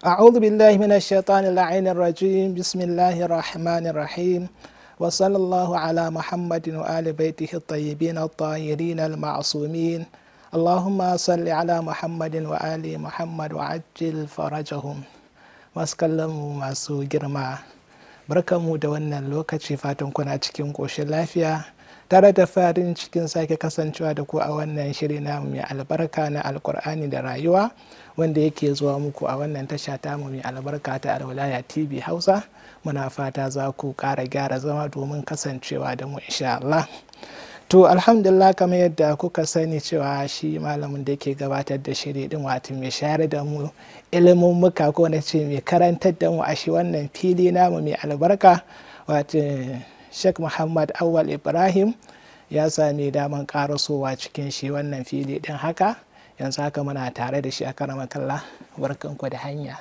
أعوذ بالله من الشيطان اللعين الرجيم بسم الله الرحمن الرحيم وصلى الله على محمد وآل بيته الطيبين الطاهرين المعصومين اللهم صل على محمد وآل محمد وعجل فرجهم masu masu girma barkanmu da wannan lokaci fatan kuna cikin ƙoshin lafiya tare da farin cikin sake kasancewa da ku a wannan shiri na mai albarka na alkur'ani da rayuwa wanda yake zuwa muku a wannan tasha ta mu mai albarka ta alwalaya tv hausa muna fata za ku ƙara gyara zama domin kasancewa da mu insha Allah. to alhamdulillah kamar yadda kuka sani cewa shi malamin da ke gabatar da shiri din wato mai shayar da mu ilimin muka ko na ce mai karantar da mu a shi wannan fili namu mai albarka wato sheikh muhammad awal ibrahim ya sami daman karasowa cikin shi wannan fili din haka yanzu haka muna tare da shi a karama kalla barkanku da hanya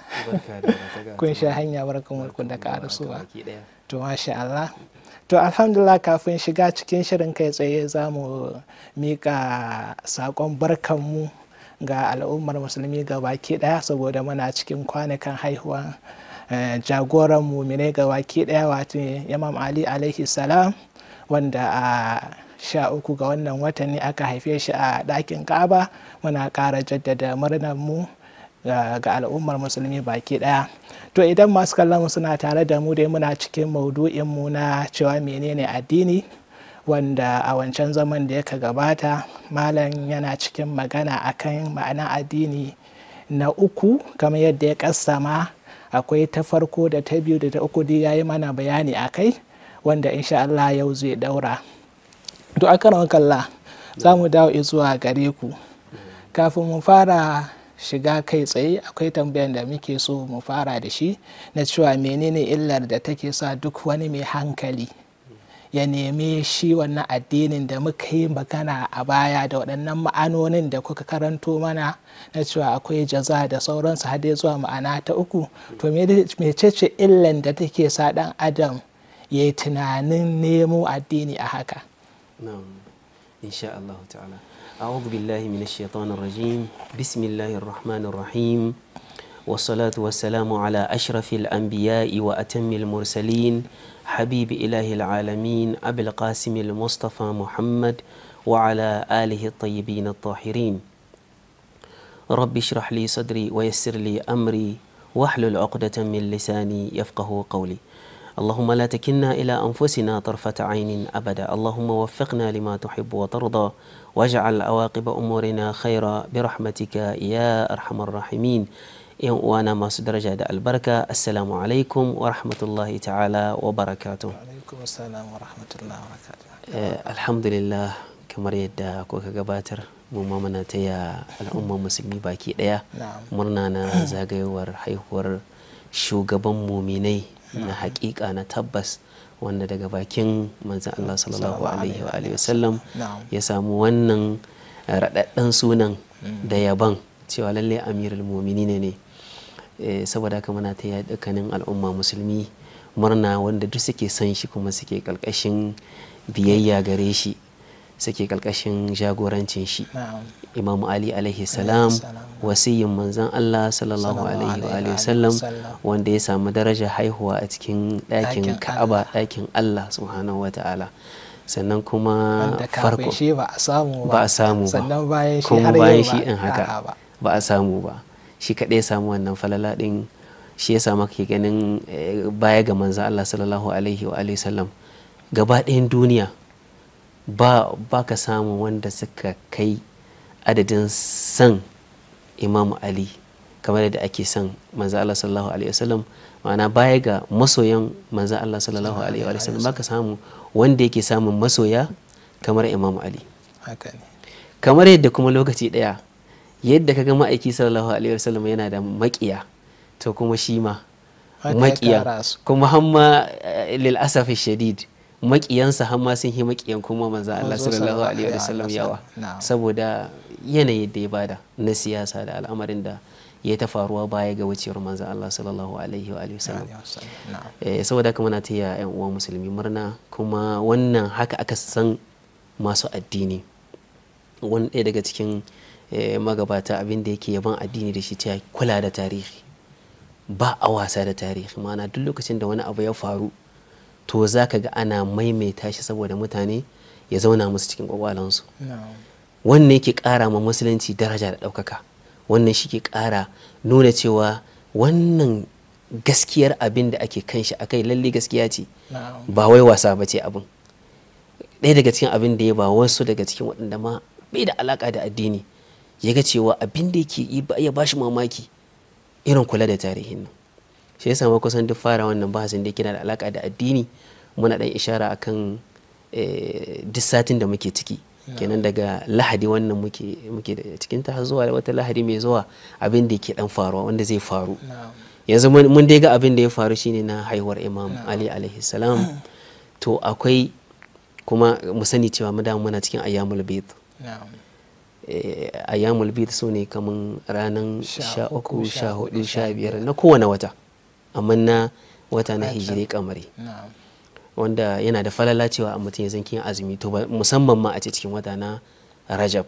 kun sha hanya barkanku da karasowa to masha Allah to alhamdulillah kafin shiga cikin shirin kai tsaye za mu mika sakon barkanmu ga al'ummar musulmi ga baki daya saboda muna cikin kwanakan haihuwa Eh, jagoran mu mine ga waki daya wato imam ali alaihi salam wanda a sha uku ga wannan watan ne aka haife shi a ɗakin ka'aba muna ƙara jaddada murnar mu ga al'ummar musulmi baki daya to idan masu kallon suna tare da mu dai muna cikin maudu'in mu na cewa menene addini wanda a wancan zaman da yaka gabata malam yana cikin magana akan ma'ana addini na uku kamar yadda ya kassama akwai ta farko da ta biyu da ta uku ya yi mana bayani a kai wanda insha Allah yau zai daura to a karon kalla za mu dawo zuwa gare ku kafin mu fara shiga kai tsaye akwai tambayar da muke so mu fara da shi na cewa menene illar da take sa duk wani mai hankali ya neme shi wannan addinin da muka yi magana a baya da waɗannan ma'anonin da kuka karanto mana na cewa akwai jaza da sauransu har dai zuwa ma'ana ta uku to mecece illan da take sa ɗan adam ya yi tunanin nemo addini a haka ta'ala أعوذ بالله من الشيطان الرجيم بسم الله الرحمن الرحيم والصلاة والسلام على أشرف الأنبياء وأتم المرسلين حبيب إله العالمين أبي القاسم المصطفى محمد وعلى آله الطيبين الطاهرين رب اشرح لي صدري ويسر لي أمري واحلل عقدة من لساني يفقه قولي اللهم لا تكلنا إلى أنفسنا طرفة عين أبدا اللهم وفقنا لما تحب وترضى واجعل عواقب أمورنا خيرا برحمتك يا أرحم الراحمين yan uwana masu daraja da albarka assalamu alaikum wa rahmatullahi ta'ala wa barakatuh eh, alhamdulillah kamar yadda kuka gabatar mu ma muna ya al'umma musulmi baki daya murna na zagayowar haihuwar shugaban muminai na hakika na tabbas wanda daga bakin manzan Allah sallallahu alaihi wa wasallam ya samu wannan raɗaɗɗen sunan mm. da yaban cewa lalle amirul mumini ne Eh, saboda haka muna ta yi dukkanin al'umma musulmi murna wanda duk suke son shi kuma suke kalkashin biyayya gare shi suke kalkashin jagorancin shi imam ali alaihi salam wasiyin manzan allah sallallahu alaihi sallam wanda ya samu daraja haihuwa a cikin ɗakin ka'aba ɗakin allah subhanahu ta'ala sannan kuma farko ba a samu ba sannan bayan shi in haka ba a samu ba shi kaɗai ya samu wannan falala ɗin shi ya samu ke ganin eh, baya ga manzan Allah sallallahu alaihi wa alaihi sallam gaba ɗayan duniya ba ka samu wanda suka kai adadin san imamu ali kamar da ake san manzan Allah sallallahu alaihi wasallam ma'ana baya ga masoyan manzan Allah sallallahu alaihi wasallam ba ka samu wanda yake samun masoya kamar imamu ali kamar yadda kuma lokaci ɗaya yadda ka ga ma'aiki sallallahu alaihi wasallam yana da maƙiya to kuma shi ma maƙiya kuma hamma eh, lil asafi shadid maƙiyansa hamma sun yi maƙiyan kuma manzo Allah sallallahu alaihi wasallam yawa saboda yanayin da ya bada na siyasa da al'amarin da ya ta faruwa baya ga wucewar manzo Allah sallallahu alaihi wa sallam eh, saboda na ta yi yan uwa musulmi murna kuma wannan haka aka san masu addini wani ɗaya daga cikin Eh, magabata abin da yake yaban addini da shi ta kula da tarihi ba a wasa da tarihi mana duk lokacin da wani abu ya faru to za ka ga ana maimaita shi saboda mutane ya zauna musu cikin kwakwalansu wannan yake kara ma musulunci daraja da ɗaukaka wannan shi ke ƙara nuna cewa wannan gaskiyar abin da ake kan shi akai lalle gaskiya ce ba wai wasa ba ce abin ɗaya daga cikin abin da ya ba wasu daga cikin waɗanda ma bai da alaka da addini ya ga cewa abin da yake ya bashi mamaki irin kula da tarihin nan shi yasa sami kusan duk fara wannan bahasin da yake da alaka da addini muna dan ishara akan eh, duk satin da muke ciki kenan daga lahadi wannan muke da cikin ta zuwa wata lahadi mai zuwa abin da yake dan faruwa wanda zai faru yanzu mun dai ga abin da ya faru shine na haihuwar imam ali alaihi salam hmm. to akwai kuma mu sani cewa mu da muna cikin ayyamul bayt Eh, yamul bid su ne kamar ranar sha uku sha hudu sha biyar na kowane wata amma na wata na hijiri kamari wanda yana da falala cewa a mutum ya zanki azumi to musamman ma a cikin wata na rajab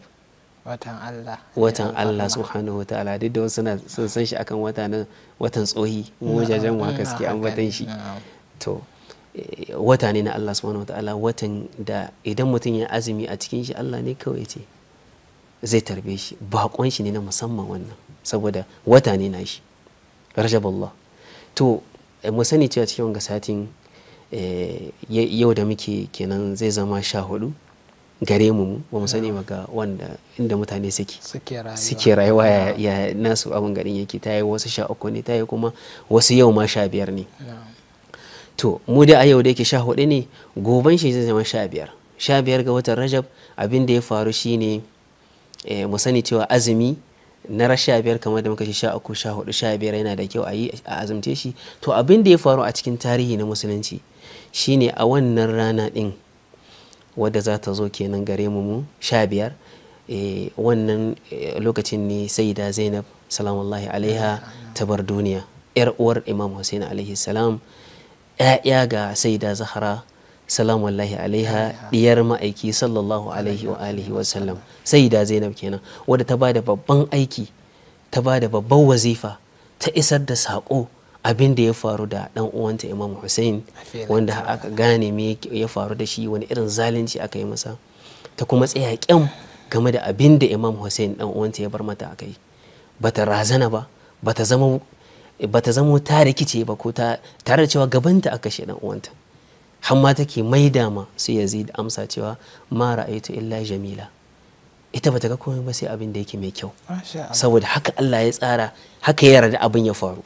watan Allah watan Allah subhanahu wa ta'ala duk da wasu sun san shi akan wata na watan tsohi wajajen mu haka mm, an watan shi to eh, wata ne na Allah subhanahu wa ta'ala watan da idan mutum ya azumi a cikin shi Allah ne kawai ce zai tarbe shi bakon shi ne na musamman wannan saboda wata ne na shi rajaballah to eh, mu sani cewa cikin wanga satin eh, yau da muke kenan zai zama sha hudu gare mu ba mu sani ga wanda inda mutane suke suke rayuwa ya nasu abin garin yake ta yi wasu sha uku ne ta yi kuma wasu yau ma sha biyar ne to mu da a yau da yake sha hudu ne goban shi zai zama sha biyar sha biyar ga watan rajab abin da ya faru shine Eh, mu sani cewa azumi na rasha biyar kamar da muka ce sha uku sha hudu sha biyar yana da kyau a yi a azumce shi to abin da ya faru a cikin tarihi na musulunci shine a wannan rana din wadda za ta zo kenan gare mu mu sha biyar eh, wannan eh, lokacin ne sayyida zainab salamullahi alaiha ta bar duniya yar uwar imam hussein alaihi salam ya'ya ga sayyida zahara salamu alaihi alaiha diyar ma'aiki sallallahu alaihi wa alihi wa sallam sai da zainab kenan wadda ta bada babban aiki ta bada babban wazifa ta isar da sako abin da ya faru da dan uwanta imam hussein wanda aka gane me ya faru da shi wani irin zalunci aka yi masa ta kuma tsaya kyam game da abin da imam hussein dan uwanta ya bar mata aka yi bata razana ba bata zama bata zama ta rikice ba ko ta tare da cewa gabanta aka shi dan uwanta har ma take maida ma su yazid amsa cewa ma ra'aitu illa jamila ita bata ga komai ba sai abin da yake mai kyau saboda haka Allah ya tsara haka ya yarda abin ya faru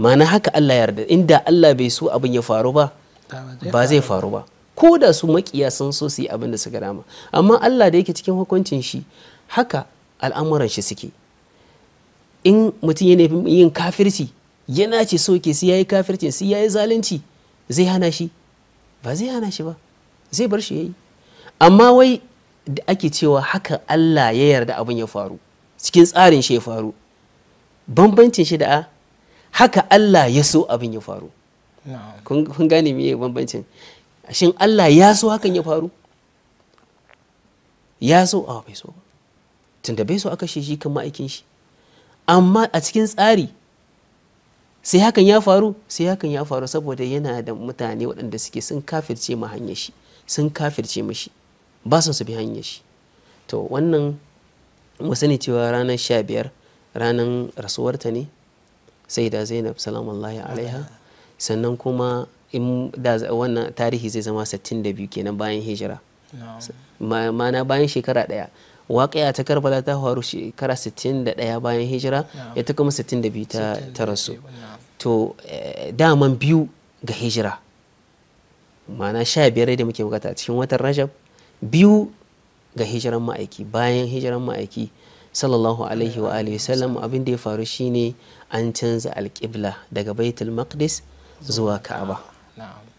ma'ana haka Allah ya yarda inda Allah bai so abin ya faru ba ba zai faru ba ko da su makiya sun so su yi abin da suka dama amma Allah da yake cikin hukuncin shi haka al'amuran shi suke in mutum yana yin kafirci yana ce so ke sai yayi kafircin sai yayi zalunci zai hana shi ba zai hana shi ba zai bar shi ya yi amma wai da ake cewa haka Allah ya yarda abin ya faru cikin tsarin shi ya faru bambancin shi da a haka Allah ya so abin ya faru kun gane miye bambancin shin Allah ya so hakan ya faru ya so a bai so tunda bai so aka shi shi kan ma'aikin shi amma a cikin tsari sai hakan ya faru sai hakan ya faru saboda yana da mutane waɗanda suke sun kafirce ma hanyar shi sun kafirce mashi ba su bi hanyar shi to wannan wasu ne cewa ranar sha biyar ranar rasuwarta ne sai da zainab salamullahi alaiha sannan kuma in da wannan tarihi zai zama 62 kenan bayan hijira mana bayan shekara daya waƙiya ta karbala ta faru shekara 61 bayan hijira ya ta kuma 62 ta rasu to eh, daman biyu ga hijira ma'ana sha biyar da muke bukata cikin watan rajab biyu ga hijiran ma'aiki bayan hijiran ma'aiki sallallahu alaihi wa alihi sallam abin da ya faru shine an canza alƙibla daga baitul maqdis zuwa ka'aba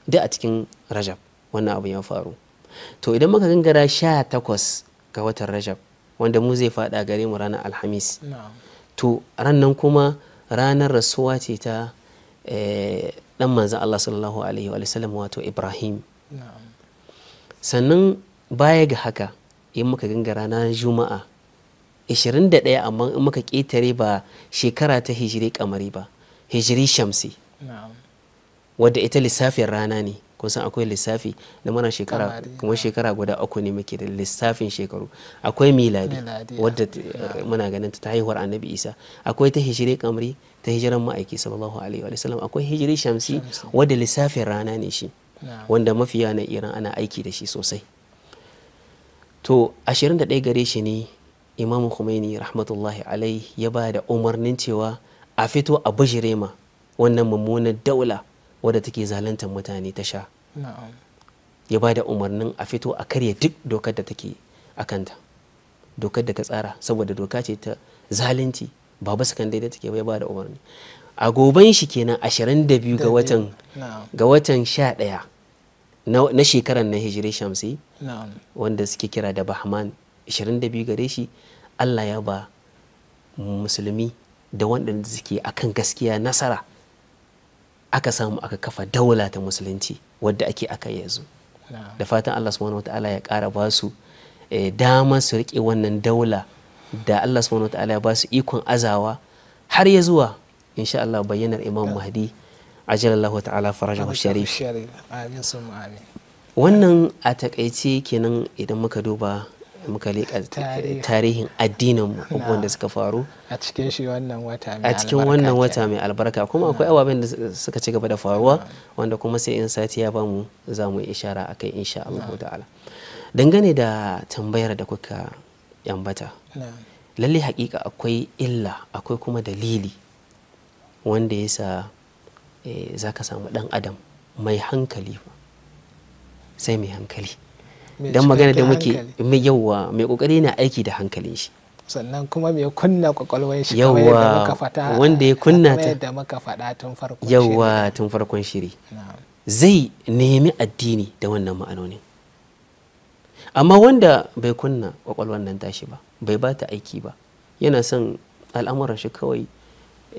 da a cikin rajab wannan abu ya faru to idan muka gangara sha takwas ga watan rajab wanda mu zai faɗa gare mu ranar alhamis to ran nan kuma ranar rasuwa ce ta dan eh, manzan Allah sallallahu alaihi wa wato Ibrahim sannan baya ga haka in muka ganga ranar juma'a 21 amma in muka ƙetare ba shekara ta hijiri kamari ba hijiri shamsi wadda ita lissafin rana ne kun akwai lissafi da mana shekara kuma eh. shekara guda uku ne muke da lissafin shekaru akwai miladi wadda eh, muna ganin ta haihuwar annabi isa akwai ta hijiri kamri ta hijiran ma'aiki sallallahu alaihi wa sallam akwai hijire shamsi wadda lissafin rana ne shi wanda mafiya na iran ana aiki da shi sosai to ashirin 21 gare shi ne imam khumaini rahmatullahi alai ya ba da umarnin cewa a fito a bishirema wannan mummunan daula wadda take zalantar mutane ta sha ya ba da umarnin a fito a karya duk dokar da take a kanta dokar da ta tsara saboda doka ce ta zalunci ba basu kan daidai take ya ba da umarni a goben shi kenan 22 ga watan ga watan 11 na shekarar na hijiri shamsi wanda suke kira da bahman 22 gare shi allah ya ba musulmi da wanda suke akan gaskiya nasara aka samu aka kafa daula ta musulunci wadda ake aka yanzu da fatan Allah subhanahu wata'ala ya kara ba su eh, dama su rike wannan daula da Allah subhanahu wata'ala ya ba su ikon azawa har ya zuwa insha Allah bayyanar Imam Mahdi ajalallahu ta'ala farajahu sharif wannan a takaice kenan idan muka duba muka leƙa tarihin addininmu abubuwan da suka faru a cikin wannan wata mai albarka kuma akwai ababen da suka ci gaba da faruwa wanda kuma sai in sati ya bamu za mu ishara a kai insha Allah ta'ala dangane da tambayar da kuka yambata lalle hakika akwai illa akwai kuma dalili wanda ya sa eh, za ka samu dan adam mai hankali sai mai hankali dan magana da muke mai yawa mai kokari na aiki da hankalin shi sannan kuma mai kunna kwakwalwar shi yawa wanda ya kunna ta da muka faɗa tun farkon shiri yawa tun farkon shiri zai nemi addini da wannan ma'anoni amma wanda bai kunna kwakwalwar nan tashi ba bai ba ta aiki ba yana son al'amuran shi kawai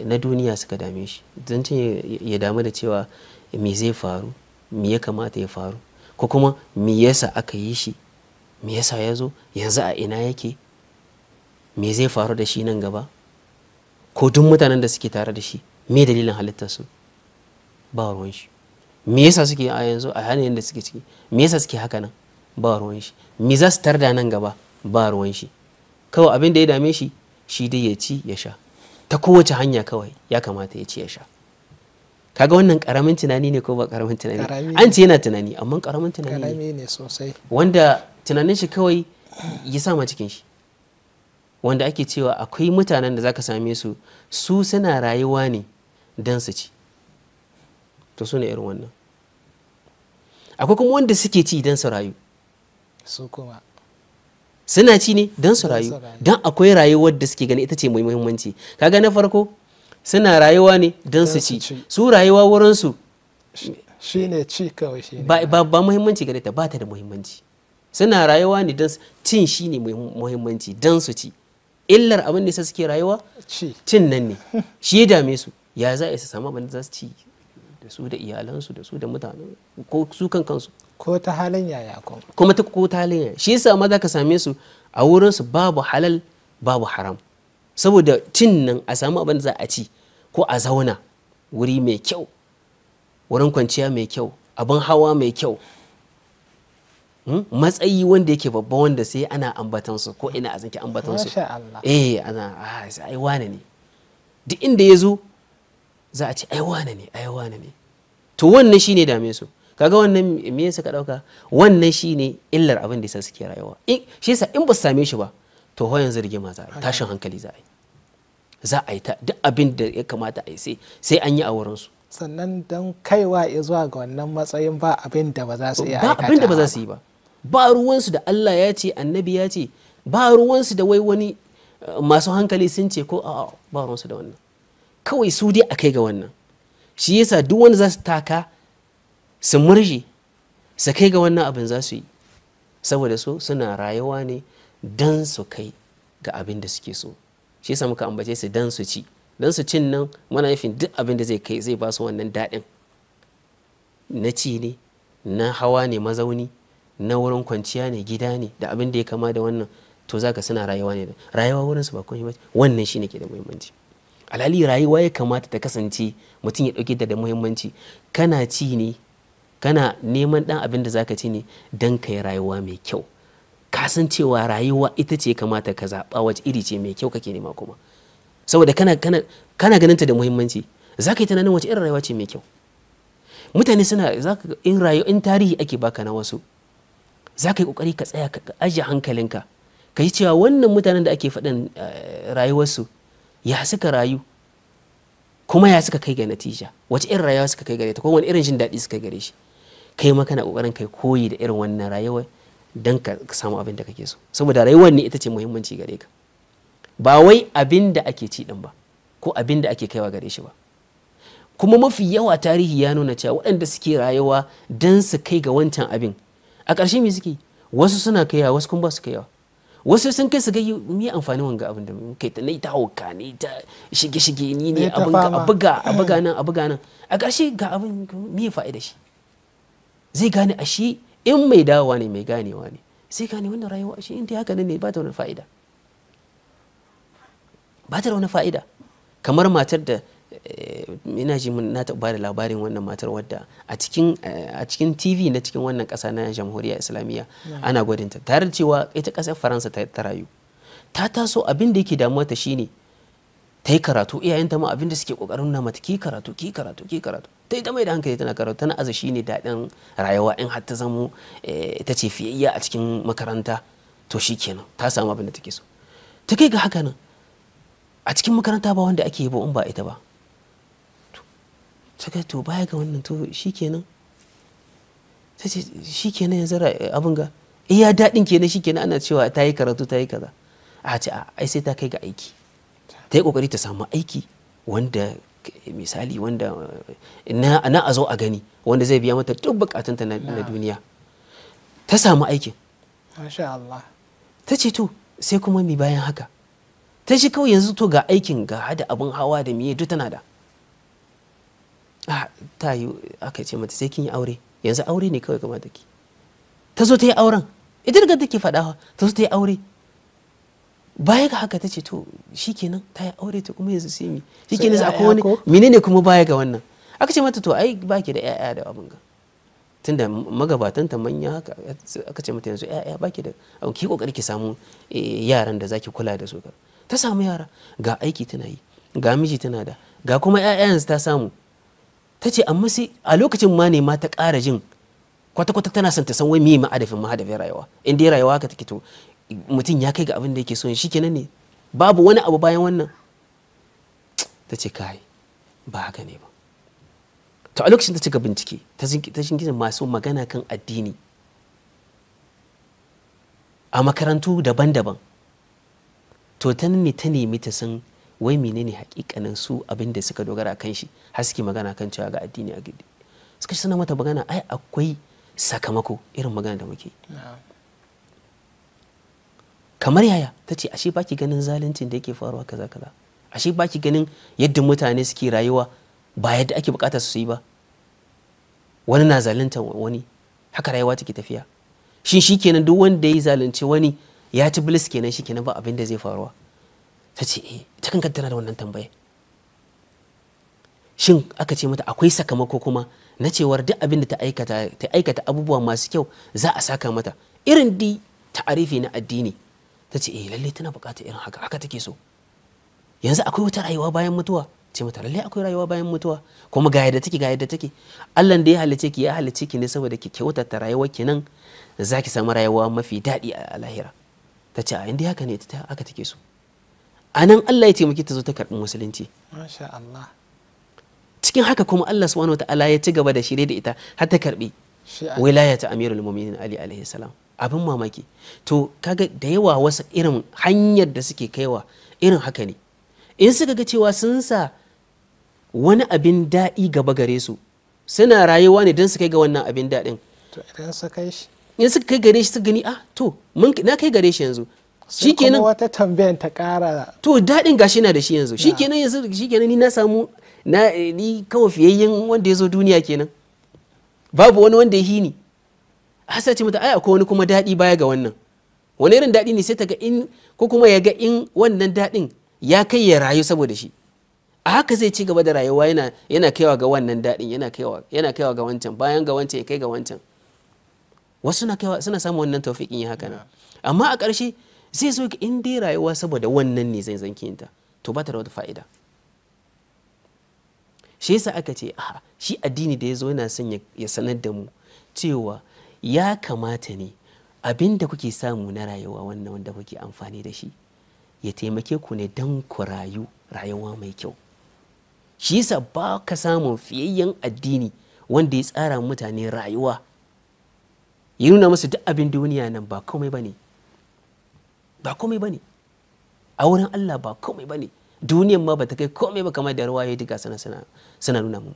na duniya suka dame shi zancen ya damu da cewa me zai faru me ya kamata ya faru ko kuma me yasa aka yi shi me yasa ya zo yanzu a ina yake me zai faru da shi nan gaba ko duk mutanen da suke tare da shi me dalilin halittarsu ba ruwan shi me yasa suke a yanzu a yanayin da suke ciki me yasa suke haka nan ba ruwan shi me za su tarda nan gaba ba ruwan shi kawai abin da ya dame shi shi dai ya ci ya sha ta kowace hanya kawai ya kamata ya ci ya sha kaga wannan karamin tunani ne ko ba karamin tunani an ce yana tunani amma karamin tunani ne sosai wanda tunanin shi kawai ya sama cikin shi wanda ake cewa akwai mutanen da zaka same su su suna rayuwa ne don su ci to su ne irin wannan akwai kuma wanda suke ci don su rayu su kuma suna ci ne don su rayu don akwai rayuwar da suke gani ita ce mai muhimmanci kaga na farko suna rayuwa ne don su ci su rayuwa wurinsu shi ne ci kawai shi ne ba muhimmanci gare ta ba ta da muhimmanci suna rayuwa ne don cin shi ne muhimmanci don su ci illar abin da suke rayuwa cin nan ne shi ya dame su ya za a samu abin da za su ci da su da iyalansu da su da mutanen ko su kan kansu ko ta halin yaya kuma ta ko ta halin yaya shi yasa maza ka same su a wurinsu babu halal babu haram saboda cin nan a samu abin da za a ci ko a zauna wuri mai kyau wurin kwanciya mai kyau abin hawa mai kyau hmm, matsayi wanda yake babba wanda sai ana ambatansu ko ina a ambatan su eh ana ah, ai wane ne duk inda ya zo za a ce ai wane ne ai wane ne to wannan shine dame su kaga wannan me yasa ka dauka wannan shine illar abin da yasa suke rayuwa shi yasa in ba su same shi ba to hoyan zargi ma za a tashin hankali za a yi za a yi ta duk abin da ya kamata a yi sai sai an yi a wurinsu sannan don kaiwa ya zuwa ga wannan matsayin ba abin da ba za su yi ba abin da ba za su yi ba ba ruwansu da Allah ya ce annabi ya ce ba ruwansu da wai wani eh, masu hankali sun ce ko a'a ba ruwansu da wannan kawai su dai a kai ga wannan shi yasa duk wani za su taka su murje su kai ga wannan abin za su yi saboda su suna rayuwa ne don su kai ga abin da suke so shi yasa muka ambace su dan su ci dan su cin nan muna nufin duk abin da zai kai zai ba su wannan daɗin na ci ne na hawa ne mazauni na wurin kwanciya ne gida ne da abin da ya kama da wannan to za ka suna rayuwa ne rayuwa wurin su ba komai ba wannan shine ke da muhimmanci alhali rayuwa ya kamata ta kasance mutum ya dauke da muhimmanci kana ci ne kana neman dan abin da za ka ci ne dan kai rayuwa mai kyau ka san cewa rayuwa ita ce kamata ka zaɓa wace iri ce mai kyau kake nema kuma saboda kana kana kana ganin ta da muhimmanci za ka yi tunanin wace irin rayuwa ce mai kyau mutane suna za ka in rayuwa in tarihi ake baka na wasu za ka yi kokari ka tsaya ka ajiye hankalinka ka yi cewa wannan mutanen da ake faɗin eh, rayuwarsu ya suka rayu kuma ya suka kai ga natija wace irin rayuwa suka kai gare ta ko wani irin jin daɗi suka gare shi kai ma kana kokarin kai koyi da irin wannan rayuwar don ka samu abin da kake so saboda rayuwar ne ita ce muhimmanci gare ka ba wai abin da ake ci din ba ko abin da ake kaiwa gare shi ba kuma mafi yawa tarihi ya nuna cewa waɗanda suke rayuwa don su kai ga wancan abin a ƙarshe me suke wasu suna kaiwa wasu kuma ba su kaiwa wasu sun kai su mu yi amfani wanga abin da kai ta ta hauka ne ta shige shige ni ne abin ka a buga a buga nan a buga nan a ƙarshe ga abin me fa'ida shi zai gane a shi. in mai dawowa ne mai ganewa ne sai gane wannan rayuwa shi in ta haka ne ba ta wani fa'ida ba ta wani fa'ida kamar matar da eh, ina ji na taɓa da labarin wannan matar wadda a cikin eh, tv na cikin wannan ƙasa na jamhuriyar islamiyya ana gwadinta tare da cewa ita ƙasar faransa ta rayu ta taso abin da yake damuwa ta shine ta yi karatu iyayenta ma abinda suke kokarin na mata ki karatu ki karatu ki karatu ta yi ta mai da hankali tana karatu tana aza shi ne daɗin rayuwa in har ta zamo eh, ta ce fiyayya a cikin makaranta to shi kenan ta samu abin da take so ta kai ga haka nan a cikin makaranta ba wanda ake yi ba in ba ita ba ta kai to baya ga wannan to shi kenan ta ce shi kenan yanzu abin ga iya daɗin kenan shi kenan ana cewa ta yi karatu ta yi kaza a ce a ai sai ta kai ga aiki ta yi kokari ta samu aiki wanda misali wanda na a zo a gani wanda zai biya mata duk bukatunta na duniya ta samu aikin ta ce to sai kuma mi bayan haka ta shi kawai yanzu to ga aikin ga hada abin hawa da miye duk tana da ah, ta yi aka ce mata sai kin yi aure yanzu aure ne kawai kamata ki ta zo ta yi auren ita daga take faɗawa ta zo ta yi aure baya ga haka ta ce to shikenan ta yi aure ta kuma yanzu sai mi shikenan sai akwai wani menene kuma baya ga wannan aka ce mata to ai baki da ƴaƴa da abin ga tunda magabatan ta manya haka aka ce mata yanzu ƴaƴa baki da abin ki kokari ki samu eh, yaran da zaki kula da su ta samu yara ga aiki tana yi ga miji tana da ga kuma ƴaƴan ta samu ta ce amma sai a lokacin ma ne ma ta ƙara jin kwata-kwata tana son ta san wai mi ma'adafin mahadafin rayuwa in dai rayuwa haka take to mutum ya kai ga abin da yake so shi kenan ne babu wani abu bayan wannan ta ce kai ba haka ne ba to a lokacin ta cika bincike ta shingizin masu magana kan addini a makarantu daban-daban to ta ne ta nemi ta san wai menene hakikanin su abin da suka dogara kan shi har suke magana kan cewa ga addini a gidi suka shi suna mata magana ai akwai sakamako irin magana da muke kamar yaya ta ce ashe baki ganin zaluncin da yake faruwa kaza kaza ashe baki ganin yadda mutane suke rayuwa ba yadda ake bukata su yi ba wani na zalunta wani haka rayuwa take tafiya shin shikenan duk wanda ya zalunce wani ya ci bilis kenan shikenan ba abin da zai faruwa ta ce eh ta kan tana da wannan tambaya shin aka ce mata akwai sakamako kuma na cewar duk abin da ta aikata ta aikata abubuwa masu kyau za a saka mata irin di ta'arifi na addini ta ce eh lallai tana buƙatar irin haka haka take so yanzu akwai wata rayuwa bayan mutuwa ce mata lalle akwai rayuwa bayan mutuwa kuma ga yadda take ga yadda take Allah da ya halice ki ya halice ki ne saboda ki kyautata rayuwar ki nan zaki samu rayuwa mafi daɗi a lahira ta ce a inda haka ne ta haka take so a nan Allah ya taimaki ta zo ta karɓi musulunci masha Allah cikin haka kuma Allah subhanahu ta'ala ya ci gaba da shirye da ita har ta karɓi ta amirul mu'minin ali alaihi salam abin mamaki to kaga da yawa wasu irin hanyar da suke kaiwa irin haka ne in suka ga cewa sun sa wani abin daɗi gaba gare su suna rayuwa ne don su kai ga wannan abin daɗin to idan su kai shi in suka kai gare shi su gani ah to na kai gare shi yanzu shikenan wata tambayan ta kara. to daɗin gashi na da shi yanzu shikenan yanzu shikenan ni na samu na ni kawai fiyayyen wanda ya zo duniya kenan babu wani wanda ya hini hasa ce mata ai akwai wani kuma daɗi baya ga wannan wani irin daɗi ne sai ta ga in ko kuma ya ga in wannan daɗin ya kai ya rayu saboda shi a haka zai ci gaba da rayuwa yana yana kaiwa ga wannan daɗin yana kaiwa yana ga wancan bayan ga wancan ya kai ga wancan wasu na suna samun wannan tawfiqin ya haka nan amma a ƙarshe zai zo in dai rayuwa saboda wannan ne zai zanki ta to ba ta da wata fa'ida shi yasa aka ce a shi addini da ya zo yana son ya sanar da mu cewa ya kamata ne abin da kuke samu na rayuwa wannan wanda kuke amfani da shi ya taimake ku ne don ku rayu rayuwa mai kyau shi yasa ba ka samun fiyayyen addini wanda ya tsara mutane rayuwa ya nuna musu duk abin duniya nan ba komai ba ne? ba komai ba ne? a wurin Allah ba komai ba ne? duniyan ma ba ta kai komai ba kamar da ruwaye duka sana suna nuna mu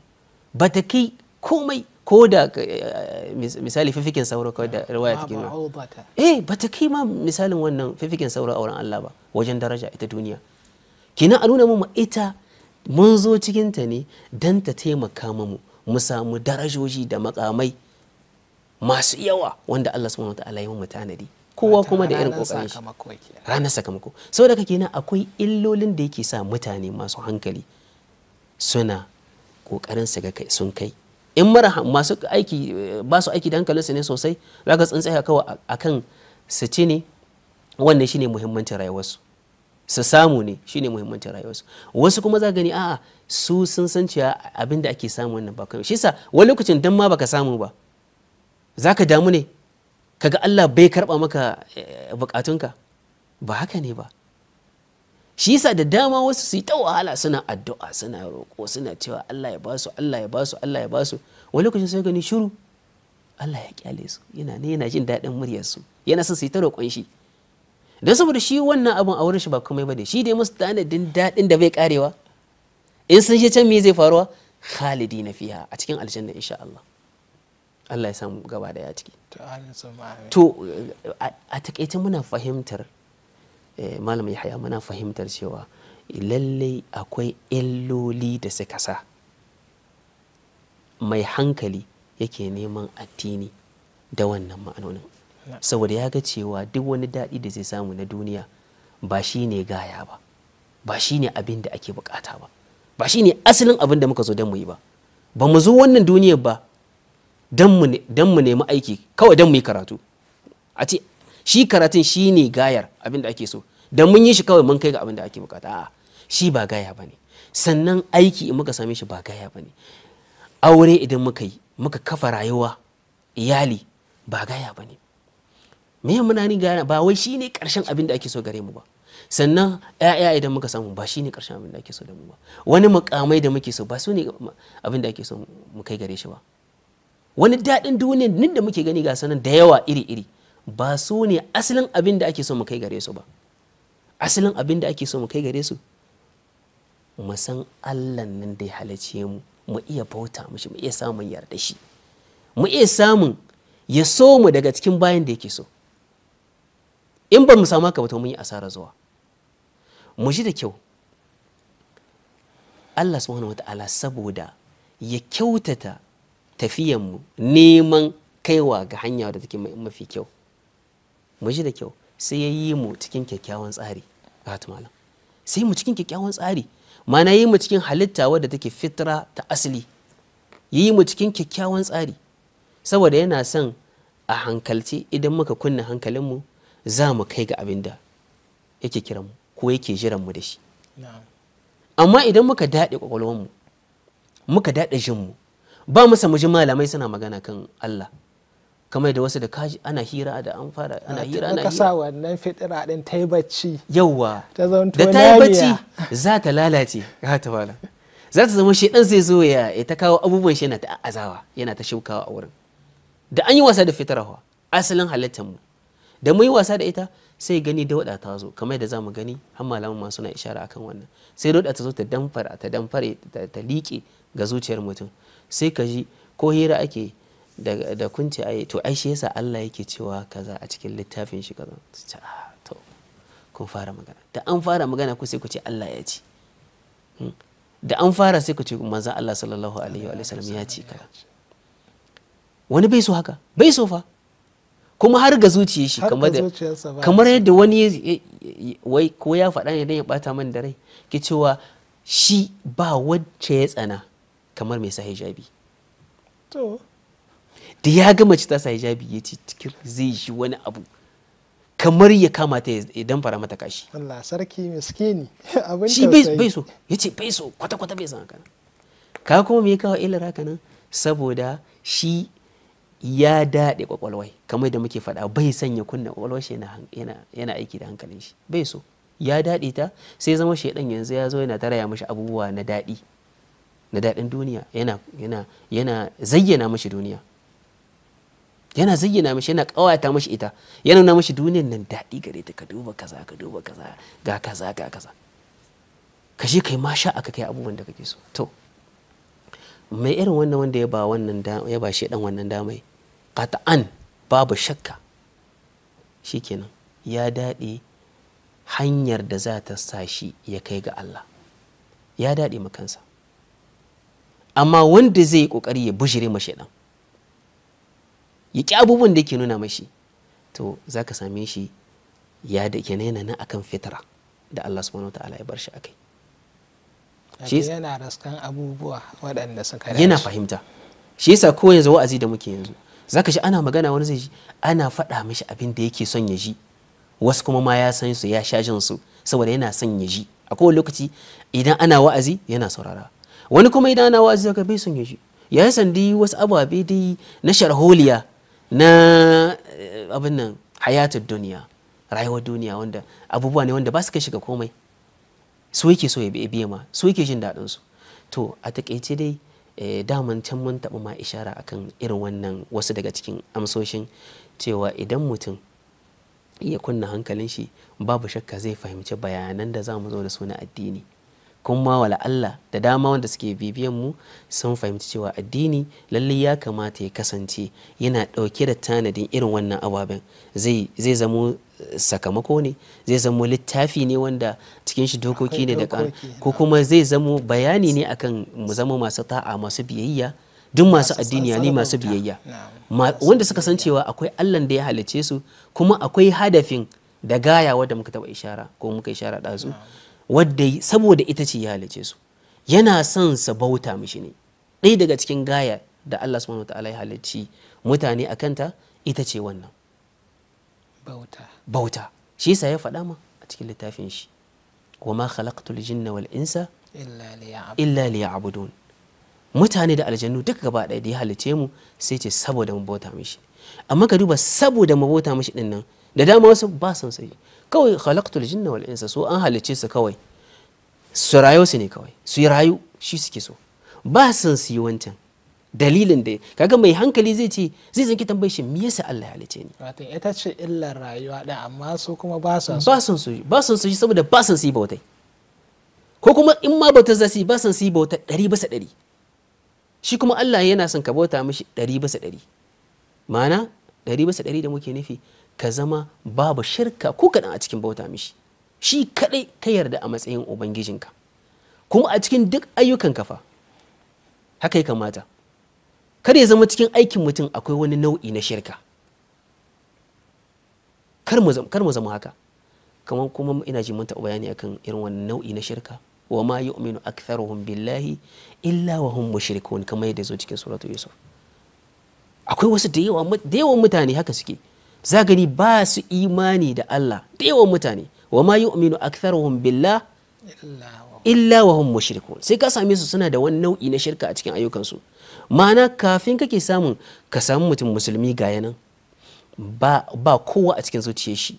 ba ta kai komai ko da eh, eh, misali fifikin sauro kawai da riwaya ta girma eh ta kai ma misalin wannan fifikin sauro a wurin Allah ba wajen daraja ita duniya kina a nuna mu ita mun zo cikin ta ne dan ta taimaka mu mu samu darajoji da makamai masu yawa wanda Allah subhanahu wataala ya yi mu tanadi kowa kuma da irin kokarin shi ranar sakamako saboda kake nan akwai illolin da yake sa mutane masu hankali suna kokarin su ga kai sun kai in mara masu aiki ba su aiki da hankalinsu ne sosai za ka tsintsaya kawai akan su ci ne wannan shine muhimmancin rayuwarsu su samu ne shine muhimmancin rayuwarsu wasu kuma za gani a'a su sun san cewa abin da ake samu wannan ba shi sa wani lokacin dan ma baka samu ba za ka damu ne kaga Allah bai karba maka eh, bukatunka ba haka ne ba shi yasa da dama wasu su yi ta wahala suna addu'a suna roƙo suna cewa Allah ya basu Allah ya basu Allah ya basu wani lokacin sai gani shiru Allah ya kyale su yana ne yana jin daɗin muryar su yana son su yi ta roƙon shi don saboda shi wannan abin a wurin shi ba komai bane shi dai musu tanadin daɗin da bai karewa in sun je can me zai faruwa khalidi na fiha a cikin aljanna insha Allah Allah ya samu gaba da ya ciki to a takaice muna fahimtar Eh, malam yahaya muna fahimtar cewa lallai akwai illoli da suka sa mai hankali yake neman addini da wannan ma'anonin saboda ya ga cewa duk wani daɗi da zai samu na duniya ba shi ne gaya ba ba shi ne abin da ake bukata ba ba shi ne asalin abin da muka zo don mu yi ba ba mu zo wannan duniyar ba don mu nemi aiki kawai don mu yi karatu a ce shi karatun shi ne gayar abin da ake so da mun yi shi kawai mun kai ga abin da ake bukata a shi ba gaya ba ne sannan aiki in muka same shi ba gaya ba ne aure idan muka yi muka kafa rayuwa iyali ba gaya ba ne me muna ni gaya ba wai shi ne karshen abin da ake so gare mu ba sannan ya'ya idan muka samu ba shi ne karshen abin da ake so da mu ba wani mukamai da muke so ba su ne abin da ake so mu kai gare shi ba wani daɗin duniya nin da muke gani ga sanan da yawa iri-iri ba su ne asalin abin da ake so mu kai gare su ba asalin abin da ake so mu kai gare su mu san allah nan da ya halice mu mu iya bauta mishi mu iya samun yarda shi mu iya samun ya so mu daga cikin bayan da yake so in ba mu samu haka ba to mun yi asara zuwa mu ji da kyau Allah subhanahu wata'ala saboda ya kyautata tafiyanmu neman kaiwa ga hanya da take mafi kyau mu ji da kyau sai ya yi mu cikin kyakkyawan tsari malam sai mu cikin kyakkyawan tsari mana yi mu cikin halitta wadda take fitra ta asali yi mu cikin kyakkyawan tsari saboda yana son a hankalce idan muka kunna hankalinmu za mu kai ga abin da yake kiranmu ko yake jiranmu da shi amma idan muka daɗe mu muka daɗe jinmu ba mu samu ji malamai suna magana kan Allah kamar da wasu da kaji ana hira da an fara ana hira ana kasa wannan fitira din ta yi bacci yauwa da ta yi bacci za ta lalace ga ta wala za ta zama shi dan zai zo ya ta kawo abubuwan shi yana ta azawa yana ta shaukawa a wurin da an yi wasa da fitirawa asalin halittar mu da mu yi wasa da ita sai gani wada ta zo kamar da zamu gani har malaman ma suna ishara akan wannan sai roda ta zo ta damfara ta damfare ta liƙe ga zuciyar mutum sai ka ji ko hira ake da kun ce ai to ai shi yasa Allah yake cewa kaza a cikin littafin shi kaza ah, to kun fara magana da an fara magana ku sai ku ce Allah ya ci hmm. da an fara sai ku ce manzo Allah sallallahu alaihi wa sallam ya ce kaza wani bai so haka bai so fa kuma har ga zuciyar shi kamar yadda wani wai ko ya faɗa ne dan ya bata man da rai ke cewa shi ba wacce ya tsana kamar mai sa hijabi to da ya ga mace ta sa hijabi ya ce cikin zai shi wani abu kamar ya kama ta ya damfara mata kashi Allah sarki miskini abin shi bai so ya ce bai so kwata kwata bai san haka ka kuma me kawo illar haka nan saboda shi ya daɗe kwakwalwai kamar da muke faɗa bai sanya kunna kwakwalwar shi yana aiki da hankalin shi bai so ya daɗe ta sai zama shedan yanzu ya zo yana taraya mashi abubuwa na daɗi na daɗin duniya yana zayyana mashi duniya yana zayyana mishi yana kawata mishi ita yana nuna mishi duniyar nan daɗi gare ta ka duba kaza ka duba kaza ga kaza ga kaza ka je kai masha aka kai abubuwan da kake so to mai irin wannan wanda ya ba wannan ya ba shi dan wannan damai qat'an babu shakka shikenan ya daɗe hanyar da za ta sa shi ya kai ga Allah ya daɗe makansa amma wanda zai yi ƙoƙari ya bujire ma shaidan ya ƙi abubuwan da yake nuna mashi to za ka same shi ya da yana akan fitara da Allah subhanahu wa ta'ala ya bar shi a kai yana raskan abubuwa waɗanda suka yana fahimta shi yasa ko yanzu wa'azi da muke yanzu zaka shi ana magana wani zai ana faɗa mishi abin da yake son ya ji wasu kuma ma ya san su ya sha jin su saboda yana son ya ji a kowane lokaci idan ana wa'azi yana saurara wani kuma idan ana wa'azi zaka bai son ya ji ya sandi wasu ababe dai na sharholiya na eh, abin nan hayatar duniya rayuwar duniya wanda abubuwa ne wanda ba su kai shiga komai su yake so ya biye ma su yake jin daɗin su to a takaice dai eh, daman can mun taɓa ma ishara akan irin wannan wasu daga cikin amsoshin cewa idan mutum ya kunna hankalin shi babu shakka zai fahimci bayanan da za mu zo da su na addini ma wala Allah da dama wanda suke bibiyan mu sun fahimci cewa addini lallai ya kamata ya kasance yana ɗauke da tanadin irin wannan ababen zai zamo eh, sakamako ne zai zamo littafi ne wanda cikin shi dokoki ne da ko kuma zai zamo bayani ne akan mu zama masu ta'a masu biyayya duk masu addini ne masu biyayya wanda suka san cewa akwai Allah da ya halice su kuma akwai hadafin da gaya wadda muka taba ishara ko muka ishara ɗazu wadda saboda ita ce ya halice su yana son sa bauta mishi ne ɗaya daga cikin gaya da Allah subhanahu ta'ala ya halicci mutane a kanta ita ce wannan bauta bauta shi yasa ya faɗa ma a cikin littafin shi wa ma khalaqtul jinna wal insa illa liya'budun mutane da aljannu duka gaba ɗaya da ya halice mu sai ce saboda mu bauta mishi amma ka duba saboda mu bauta mishi din nan da dama wasu ba san sai kawai khalaqtul jinna wal insa su an halice su kawai su rayu su ne kawai su yi rayu shi suke so ba san su yi wancan dalilin da kaga mai hankali zai ce zai zanki tambayi shi me yasa Allah ya halice ni wato ita ce illar rayuwa da amma su kuma ba san su ba san su ba san su saboda ba san su yi bautai ko kuma in ma bautar za su yi ba san su yi bauta ɗari bisa ɗari shi kuma Allah yana son ka bauta mishi ɗari bisa ɗari ma'ana ɗari bisa ɗari da muke nufi ka zama babu shirka ko kaɗan a cikin bauta mishi shi kaɗai ka yarda a matsayin ubangijinka kuma a cikin duk ayyukan kafa haka ya kamata kar ya zama cikin aikin mutum akwai wani nau'i na shirka kar mu zama haka kamar kuma ina ji mun taɓa bayani akan irin wani nau'i na shirka wa ma yu'minu aktharuhum billahi illa wa hum mushrikun kamar yadda zo cikin suratu yusuf akwai wasu da yawan mutane haka suke za gani ba su imani da Allah da yawan mutane wa ma yu'minu aktharuhum billah illa wa hum mushrikun sai ka same su suna da wani nau'i na shirka a cikin ayyukansu ma'ana kafin kake samun ka samu mutum musulmi ga yanan ba kowa a cikin zuciyar shi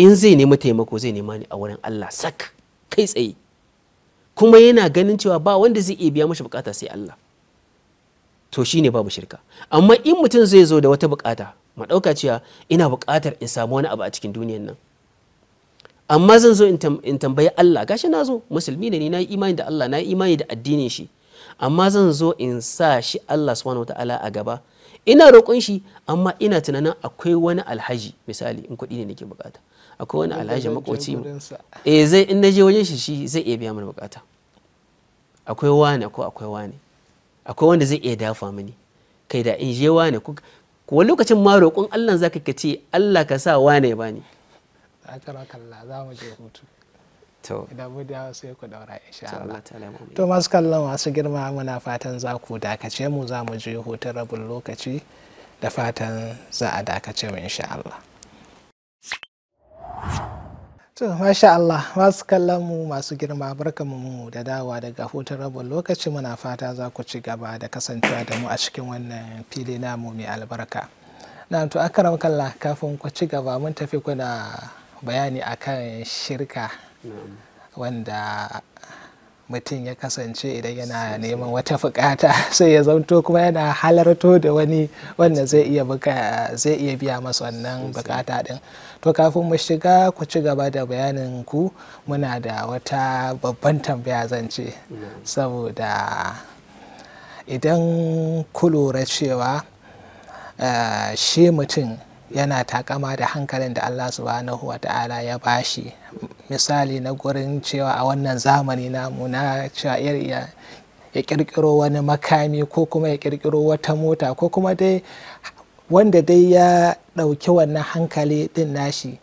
in zai nemi taimako zai nema ni a wurin Allah sak kai tsaye kuma yana ganin cewa ba wanda zai iya biya mashi bukata sai Allah to shine babu shirka amma in mutum zai zo da wata bukata ma ɗauka cewa ina buƙatar in samu wani abu a cikin duniyan nan amma zan zo in tambayi Allah gashi na zo musulmi ne ni na yi imani da Allah na yi imani da addinin shi amma zan zo in sa shi Allah subhanahu ta'ala a gaba ina roƙon shi amma ina tunanin akwai wani alhaji misali in kuɗi ne nake bukata akwai wani alhaji makoci eh zai in naje wajen shi shi zai iya biya mana bukata akwai wani ko akwai wani akwai wanda zai iya dafa mini kai da in je wani kuwa lokacin ma roƙon Allah za ka ce Allah ka sa wane ya bani kalla za mu je hutu to idan mu dawo sai ku daura insha Allah to masu kallon masu girma muna fatan za ku dakace mu za mu je hutun rabin lokaci da fatan za a dakace mu insha Allah To, masha Allah, masu kallon mu masu girma barkamu mu da dawa daga hutun rabin lokaci muna fata za ku ci gaba da kasancewa da mu a cikin wannan fili namu mai albarka. Na to akaram kalla kafin ku ci gaba mun tafi kuna bayani akan shirka wanda mutum ya kasance idan yana neman wata bukata sai ya zanto kuma yana halarto da wani wanda zai iya zai iya biya masa wannan bukata din to kafin mu shiga ku ci gaba da bayanin ku muna da wata babban tambaya zan ce saboda idan ku lura cewa eh, shi mutum yana takama da hankalin da Allah subhanahu wa ta'ala ya bashi misali na gurin cewa a wannan zamani namu na cewa ya kirkiro wani makami ko kuma ya kirkiro wata mota ko kuma dai wanda dai ya ɗauki wannan hankali din nashi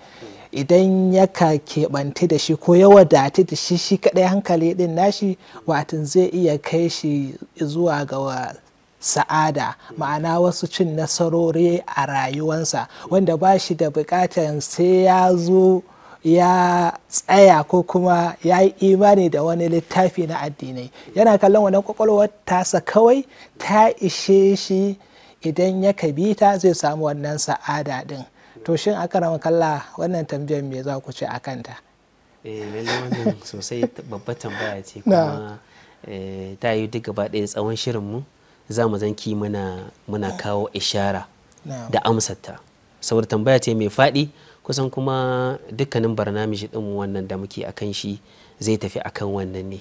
idan ya ka keɓanti da shi ko ya wadati da shi shi kaɗai hankali din nashi watan zai iya kai shi zuwa ga sa'ada ma'ana wasu cin nasarori a rayuwansa wanda ba shi da bukatar sai ya zo ya tsaya ko kuma ya yi imani da wani littafi na addinai yana kallon wannan kwakwalwar tasa kawai ta ishe shi idan ya kabita zai samu wannan sa'ada din to shin aka rama kalla wannan tambayar me za ku ce a kanta eh, sosai babba tambaya ce kuma eh, ta yi duk gaba ɗaya tsawon shirinmu za mu zanki muna kawo ishara da amsarta saboda tambaya ce mai faɗi kusan kuma dukkanin barnamiji din wannan da muke a kan shi zai tafi a kan wannan ne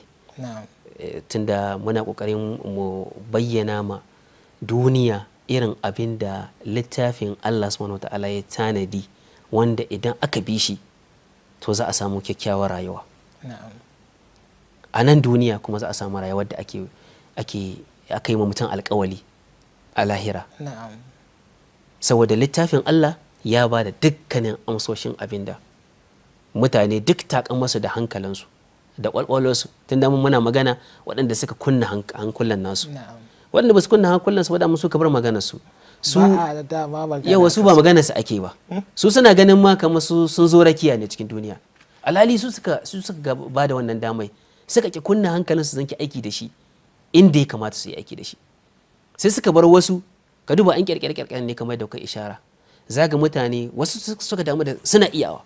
eh, tunda muna kokarin mu bayyana ma duniya irin abin da littafin Allah subhanahu wa ta'ala ya tanadi wanda idan aka bi shi to za a samu kyakkyawar rayuwa a nan duniya kuma za a samu rayuwar da ake aka yi mutum alkawali a lahira saboda littafin Allah ya ba da dukkanin amsoshin abin da mutane duk takan masu da hankalinsu da ƙwalƙwalarsu tun da muna magana waɗanda suka kunna hankulan nasu waɗanda ba su kunna hankulan su waɗanda suka bar magana su su yawa su ba magana su ake ba hmm? su suna ganin ma kamar su sun zo rakiya ne cikin duniya alhali su suka su suka ba da wannan damai suka ki kunna hankalin su zanki aiki da shi inda ya kamata su yi aiki da shi sai suka bar wasu ka duba an kirkirkirkir ne kamar da kai ishara Za ga mutane wasu suka damu da suna iyawa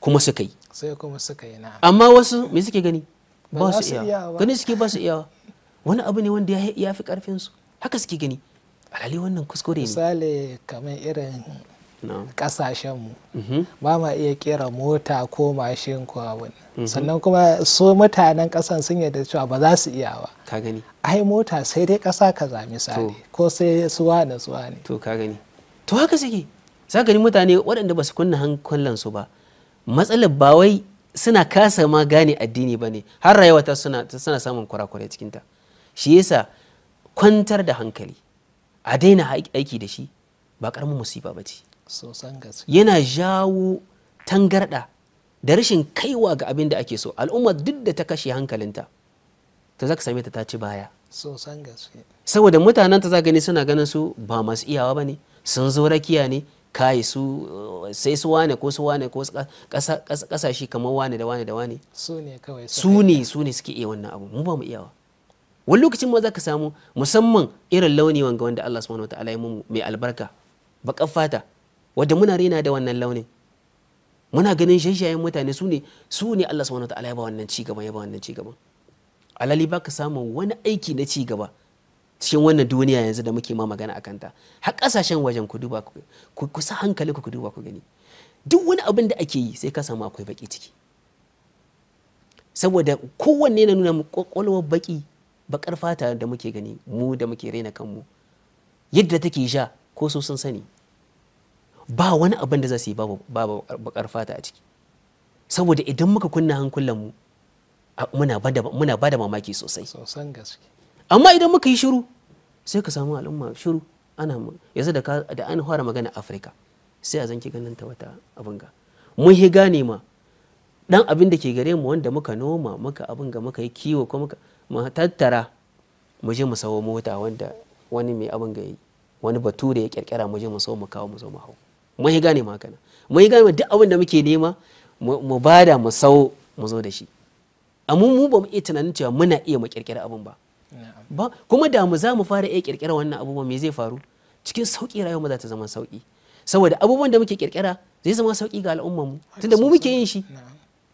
kuma suka yi sai kuma suka yi na amma wasu me suke gani ba su iyawa gani suke ba su iyawa wani abu ne wanda ya fi karfinsu haka suke gani alhali wannan kuskure ne misali kamar irin kasashenmu mhm. ba ma iya kera mota ko mashin ko abin mhm. sannan kuma su mutanen kasan sun da cewa ba za su iya ba ka gani ai mota sai dai kasa kaza misali ko sai suwa na suwa ne to ka gani to haka suke za ka mutane waɗanda ba su kunna hankulansu ba matsalar ba wai suna kasa ma gane addini ba ne har rayuwa ta suna, samun kurakurai cikinta shi yasa kwantar da hankali a daina aiki da shi ba ƙaramin musiba ba ce yana jawo tangarɗa da rashin kaiwa ga abin da ake so al'umma duk da ta kashe hankalinta to za ka same ta ta ci baya saboda mutanen ta za gani suna ganin su ba masu iyawa ba ne sun zo rakiya ne kai su sai su wane ko su wane ko kasashe kamar wane da wane da wane su ne kawai su ne suke iya wannan abu mu ba mu iyawa wani lokacin ma za ka samu musamman irin launi wanga wanda Allah subhanahu wataala ya mu mai albarka baƙar fata wadda muna rena da wannan launin muna ganin shayshayen mutane su ne su ne Allah subhanahu wataala ya ba wannan ci gaba ya ba wannan ci gaba alali ka samu wani aiki na ci gaba cikin wannan duniya yanzu da muke ma magana a kanta har kasashen wajen ku duba ku kusa hankali ku duba ku gani duk wani abin da ake yi sai ka samu akwai baki ciki saboda kowanne na nuna mu kwakwalwar baki bakar fata da muke gani mu da muke raina kanmu yadda take sha ko so sun sani ba wani abin da za su yi babu bakar fata a ciki saboda idan muka kunna hankulan mu muna bada mamaki sosai sosan gaske amma idan muka yi shiru sai ka samu al'umma shiru ana yanzu da da an fara magana afirka sai a zanki ganin ta wata abin ga mun yi gane ma dan abin da ke gare mu wanda muka noma muka abin ga muka yi kiwo ko muka mu tattara mu je mu sawo mota wanda wani mai abin ga yi wani bature ya kirkira mu je mu sawo mu kawo mu zo mu hau mun yi gane ma haka nan mun yi gane ma duk abin da muke nema mu bada mu sawo mu zo da shi amma mu ba mu iya tunanin cewa muna iya mu kirkira abin ba ba kuma da mu za mu fara iya kirkira wannan abubuwan me zai faru cikin sauki rayuwar mu za ta zama sauki saboda abubuwan da muke kirkira zai zama sauki ga al'ummar mu tunda mu muke yin shi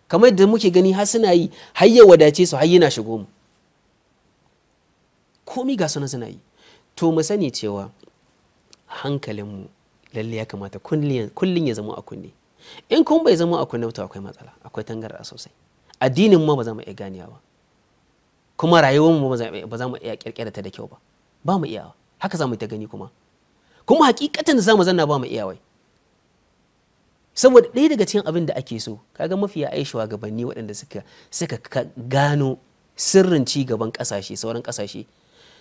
kamar da muke gani har suna yi har ya wadace su har yana shigo mu komai ga suna suna yi to mu sani cewa hankalinmu lalle ya kamata kullum ya zama a kunne in kuma bai zama a kunne to akwai matsala akwai tangarɗa sosai addinin ma ba za mu iya ganiya ba kuma rayuwar mu ba za mu iya kirkira ta da kyau ba ba mu iyawa haka za mu ta gani kuma kuma hakikatan da za mu zanna ba mu iyawai saboda ɗaya daga cikin abin da ake so kaga mafiya aishuwa gabanni waɗanda suka suka gano sirrin ci gaban ƙasashe sauran ƙasashe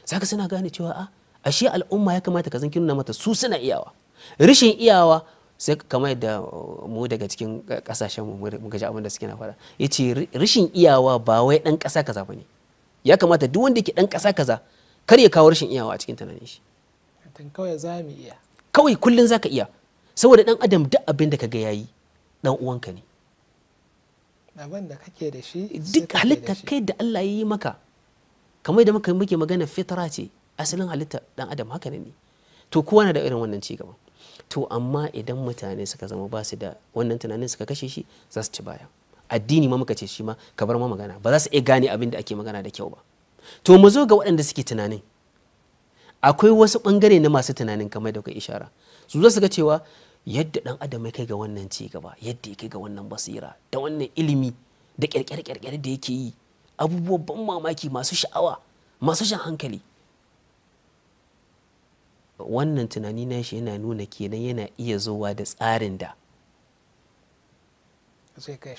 zaka suna gane cewa a ah, ashe al'umma ya kamata ka zan nuna mata su suna iyawa rashin iyawa sai kamar yadda uh, mu daga cikin kasashen mu muka ji abin da suke na faɗa yace rashin iyawa ba wai ɗan ƙasa kaza bane ya kamata duk wanda ke dan kasa kaza kar ya kawo rashin iyawa a cikin tunanin shi kawai za mu iya kawai kullun zaka iya saboda dan adam duk abin da kaga yayi dan uwanka ne abin da kake da shi duk halitta kai da Allah ya yi maka kamar da muka muke magana fitra ce asalin halitta dan adam haka ne to kowa na da irin wannan ci gaba to amma idan mutane suka zama ba su da wannan tunanin suka kashe shi za su ci baya addini ma muka ce shi ma ka bar ma magana ba za su iya gane abin da ake magana da kyau ba to mu zo ga waɗanda suke tunanin akwai wasu ɓangare na masu tunanin kamar da kai ishara su za su ga cewa yadda ɗan adam ya kai ga wannan ci gaba yadda ya kai ga wannan basira da wannan ilimi da ƙirƙire da yake yi abubuwan ban mamaki masu sha'awa masu shan hankali wannan tunani na shi yana nuna kenan yana iya zowa da tsarin da zai ga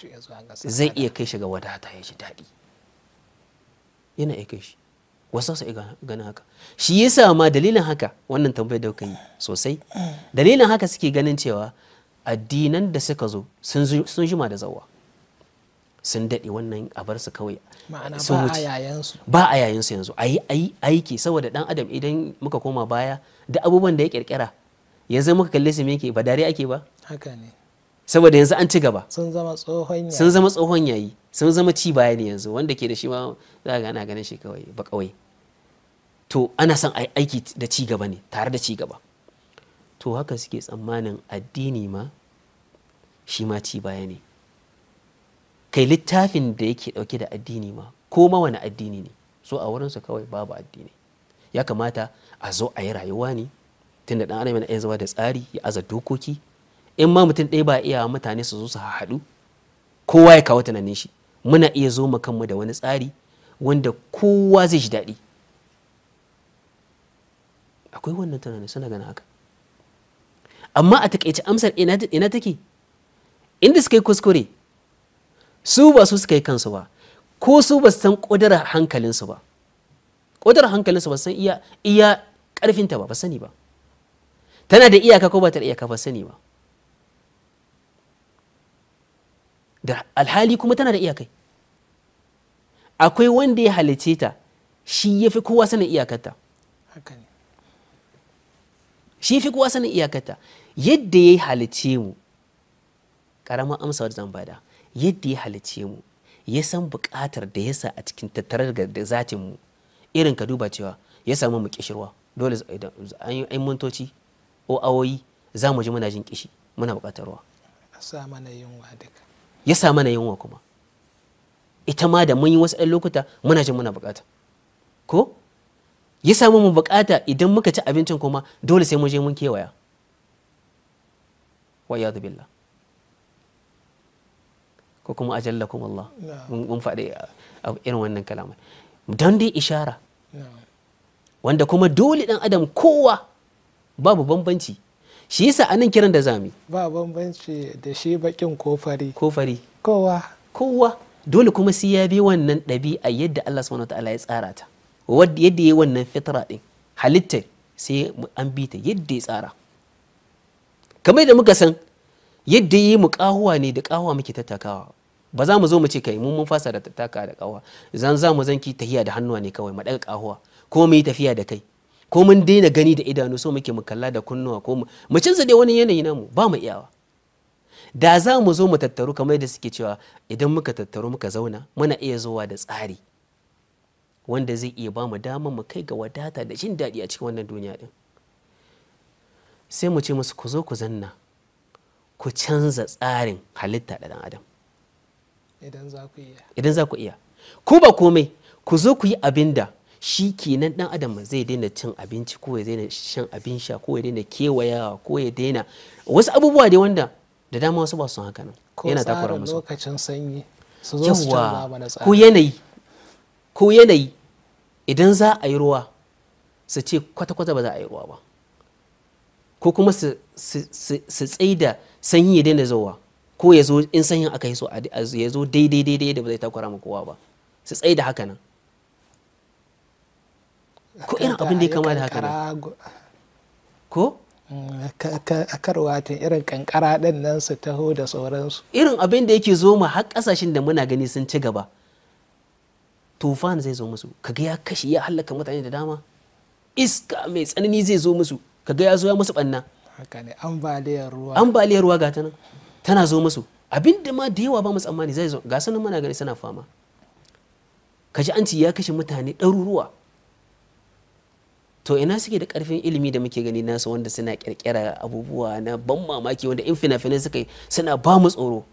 iya kai shi ga wadata ya ji daɗi yana iya kai shi wasu sai ganin haka shi yasa ma dalilin haka wannan tambayar da kai yi sosai dalilin haka suke ganin cewa addinan da suka zo sun jima da zawa sun daɗe wannan a bar su kawai sun wuce ba a yayansu yanzu a yi aiki saboda ɗan adam idan muka koma baya da abubuwan da ya ƙirƙira yanzu muka kalle su me ke ba dare ake ba haka ne saboda yanzu an ci gaba sun zama tsohon yayi sun zama ci baya ne yanzu wanda ke da shi ma za ga ana ganin shi kawai ba kawai to ana son aiki da ci gaba ne tare da ci gaba to haka suke tsammanin addini ma shi ma ci baya ne kai littafin da yake dauke da addini ma ko ma wani addini ne so a wurinsu kawai babu addini ya kamata a zo a yi rayuwa ne tunda ɗan adam yana zama da tsari ya aza dokoki in ma mutum ɗaya ba iya mutane su zo su haɗu kowa ya kawo tunanin shi muna iya zo mu kanmu da wani tsari wanda kowa zai ji daɗi akwai wannan tunanin suna gana haka amma a takaice amsar ina take inda suka yi kuskure su ba su suka yi kansu ba ko su ba su san ƙudurar hankalinsu ba ƙudurar hankalinsu ba san iya ƙarfinta ba ba sani ba tana da iyaka ko ba ta da iyaka ba sani ba da alhali kuma tana da iyakai akwai wanda ya halice ta shi ya fi kowa sanin iyakarta shi fi kowa sanin iyakarta yadda ya halice mu karamar amsa wadda zan bada yadda ya halice mu ya san buƙatar da ya sa a cikin tattare da zatin mu irin ka duba cewa ya samu mu kishirwa dole an yi mintoci ko awoyi za mu ji muna jin kishi muna buƙatar ruwa a sa mana yunwa duka ya sa mana yunwa kuma ita ma da mun yi wasu ɗan lokuta muna jin muna bukata ko ya samu mu bukata idan muka ci abincin kuma dole sai mu je mun kewaya wa ya billah ko kuma ajalla kuma Allah mun faɗi irin wannan kalamai don dai ishara wanda kuma dole ɗan adam kowa babu bambanci shi yasa anan kiran da zami ba bambanci da shi bakin kofari kofari kowa kowa dole kuma sai ya bi wannan ɗabi'a yadda Allah subhanahu wataala ya tsara ta yadda ya wannan fitra din halitta sai an bi ta yadda ya tsara kamar da muka san yadda yi mu kahuwa ne da kahuwa muke tattakawa ba za mu zo mu ce kai mun mun fasa da tattaka da kahuwa zan za mu zanki tahiya da hannuwa ne kawai mu daga kahuwa ko mu yi tafiya da kai ko mun daina gani da idanu so muke mu kalla da kunnuwa ko mu canza dai wani yanayi namu ba mu iyawa da za mu zo mu tattaru kamar da suke cewa idan muka tattaru muka zauna muna iya zuwa da tsari wanda zai iya ba mu dama mu kai ga wadata da jin daɗi a cikin wannan duniya din sai mu ce musu ku zo ku zanna ku canza tsarin halitta da dan adam idan za ku iya ku ba komai ku zo ku yi abin da shi kenan dan adam zai daina cin abinci ko ya daina shan abin sha ko ya daina kewayawa ko ya daina wasu abubuwa dai wanda da dama wasu ba su haka nan yana takura musu lokacin sanyi su zo su ko yanayi ko yanayi idan za a yi ruwa su ce kwata-kwata ba za a yi ruwa ba ko kuma su tsaida sanyi ya daina zowa ko ya zo in sanyin aka yi so ya zo daidai daidai da ba zai takura ma kowa ba su tsaida haka nan ko irin abin da ya kama da haka ne ko a karwatin irin kankara ɗin nan su taho da sauransu irin abin da yake zo ma har ƙasashen da muna gani sun ci gaba tufan zai zo musu kaga ya kashe ya halaka mutane da dama iska mai tsanani zai zo musu kaga ya zo ya musu banna haka ne ambaliyar ruwa ambaliyar ruwa gata nan tana zo musu abin da ma da yawa ba mu tsammani zai zo ga sanin muna gani suna fama kaji an ci ya kashe mutane ɗaruruwa to ina suke da karfin ilimi da muke gani nasu wanda suna kirkira abubuwa na ban mamaki wanda in fina-finai suka yi suna ba mu tsoro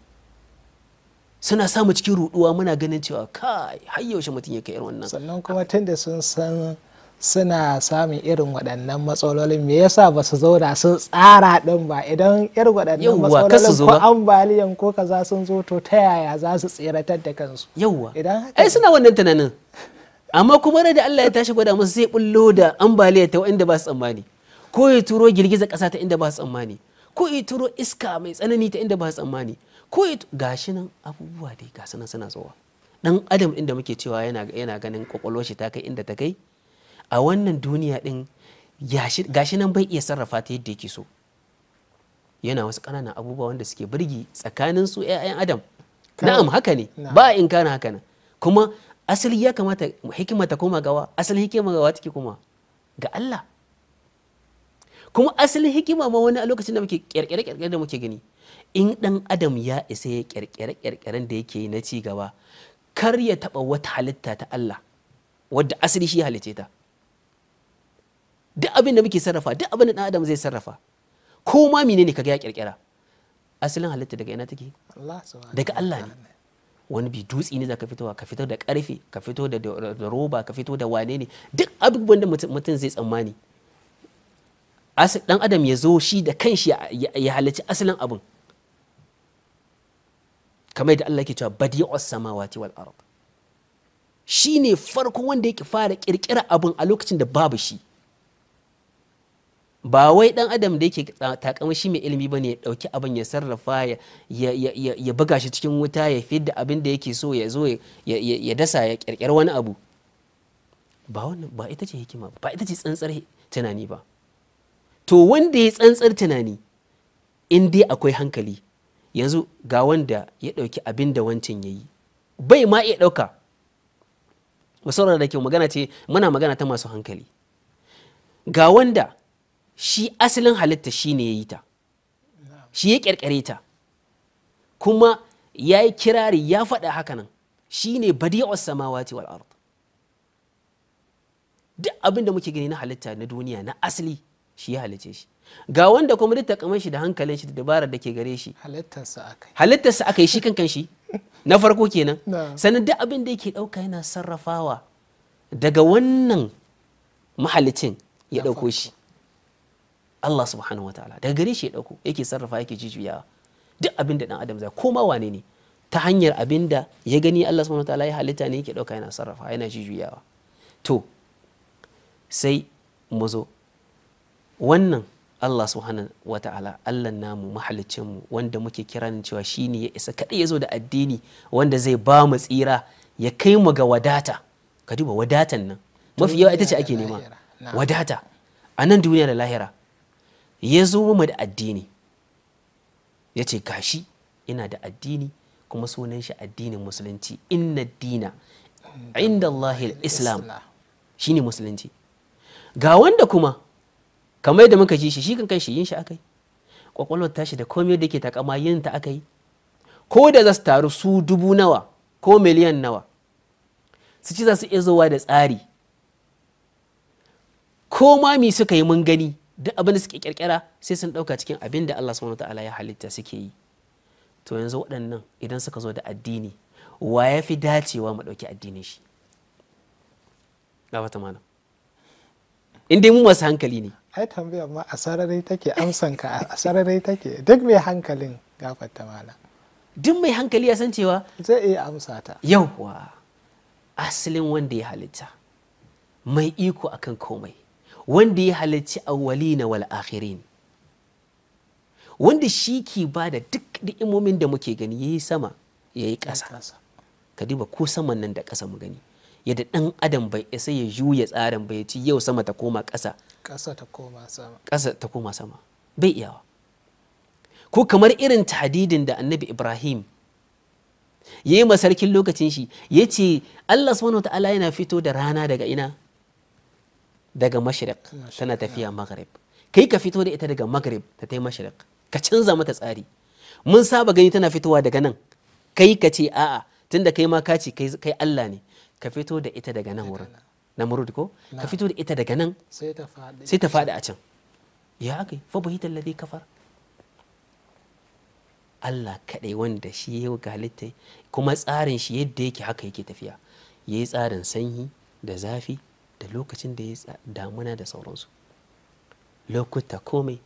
suna samu cikin ruduwa muna ganin cewa kai har yaushe mutum ya kai irin wannan sannan kuma tunda sun san suna samun irin waɗannan matsalolin me yasa ba su zauna sun tsara ɗin ba idan irin waɗannan matsalolin ko ambaliyan ko kaza sun zo to ta yaya za su tsiratar da kansu yawwa idan ai suna wannan tunanin amma kuma da Allah ya tashi gwada musu zai bullo da ambaliya ta inda ba su tsammani ko ya turo girgizar ƙasa ta inda ba su tsammani ko ya turo iska mai tsanani ta inda ba su tsammani ko ya gashi nan abubuwa dai ga sanan suna zuwa dan adam inda muke cewa yana yana ganin kwakwalwar shi ta kai inda ta kai a wannan duniya din gashi nan bai iya sarrafa ta yadda yake so yana wasu ƙananan abubuwa wanda suke birgi tsakanin su 'ya'yan adam na'am haka ne ba in kana haka nan kuma asali ya kamata hikima ta koma gawa asalin hikima gawa take kuma, ga Allah kuma asalin hikima ma wani a lokacin da muke kirkire-kirkire da muke gani in dan adam ya isa ya kirkire kyarkyaren da yake na ci gaba kar ya taba wata halitta ta Allah wadda asali shi halice ta duk abin da muke sarrafa duk abin da dan adam zai sarrafa ko ma menene kaga ya kirkira. asalin halitta daga ina take daga Allah ne wani bi dutsi ne ka fitowa ka fito da karfe ka fito da roba ka fito da wane ne duk abubuwan da mutum zai tsammani dan adam ya zo shi da kanshi ya halarci asalin abun kamar da Allah ke cewa badi'us samawati wal ard shine farkon wanda yake fara kirkira abun a lokacin da babu shi ba wai dan adam da yake takamashi mai ilimi ba ne ya dauki abin ya sarrafa ya buga shi cikin wuta ya fidda abin da yake so ya zo ya dasa ya kirkiri wani abu ba wannan ba ita ce hikima ba ita ce tsantsar tunani ba to wanda ya tsantsar tunani in dai akwai hankali yanzu ga wanda ya dauki abin da wancan ya yi bai ma iya dauka. musamman da ke magana ce muna magana ta masu hankali ga wanda shi asalin halitta shi ne ya yi ta shi ya ƙirƙire ta kuma ya yi kirari ya faɗa nan shi ne badi'ar samawati wal ard duk abin da muke gani na halitta na duniya na asali shi ya halice shi ga wanda kuma duk takamai shi da hankalin shi da dabarar da ke gare shi halittarsa aka yi shi kankan shi na farko kenan sannan duk abin da yake ɗauka yana sarrafawa daga wannan mahalicin ya ɗauko shi Allah subhanahu wa ta'ala daga gare shi ya dauko yake sarrafa yake jijiyawa duk abin da dan adam zai koma wane ne ta hanyar abin da ya gani Allah subhanahu wa ta'ala ya halitta ne yake dauka yana sarrafa yana jijiyawa to sai mu zo wannan Allah subhanahu wa ta'ala Allah namu mahalicin mu wanda muke kiran cewa shine ya isa kada ya zo da addini wanda zai ba mu tsira ya kai mu ga wadata ka duba wadatan nan mafi yawa ita ce ake nema wadata a nan duniya da lahira ya zo mu da addini ya ce gashi ina da addini kuma sunan shi addinin musulunci inna dina inda Allah islam ne musulunci ga wanda kuma kamar da muka ji shi shi kan shi yin shi akai kwakwalwar tashi da komai da ke takama yin ta akai ko da za su taru su dubu nawa ko miliyan nawa su ci za su iya zowa da tsari ko ma mi suka yi mun gani duk abin da suke kirkira sai sun dauka cikin abin da Allah subhanahu wataala ya halitta suke yi to yanzu waɗannan idan suka zo da addini wa ya fi dacewa mu dauki addinin shi fata malam in dai mu masu hankali ne ai tambaya ma a sararai take amsan ka a sararai take duk mai hankalin fata malam duk mai hankali ya san cewa zai iya amsa ta yauwa asalin wanda ya halitta mai iko akan komai wanda ya halarci awwalina wal akhirin wanda shi ke ba da duk ni'imomin da muke gani yayi sama yayi ƙasa ka duba ko saman nan da ƙasa mu gani yadda ɗan adam bai isa ya juya tsarin bai ci yau sama ta koma ƙasa ƙasa ta koma sama ƙasa ta koma sama bai iyawa ko kamar irin tadidin da annabi ibrahim ya yi masarkin lokacin shi ya ce allah subhanahu ta'ala yana fito da rana daga ina daga mashirik tana tafiya maghrib kai ka fito da ita daga maghrib ta tai mashirik ka canza mata tsari mun saba gani tana fitowa daga nan kai ka ce a'a tunda kai ma ka ce kai Allah ne ka fito da ita daga nan wurin na murud ko ka fito da ita daga nan sai ta faɗi a can ya kai fa bai ta ladai kafar Allah kaɗai wanda shi ya halitta kuma tsarin shi yadda yake haka yake tafiya yayi tsarin sanyi da zafi da lokacin da ya damuna da sauransu lokuta komai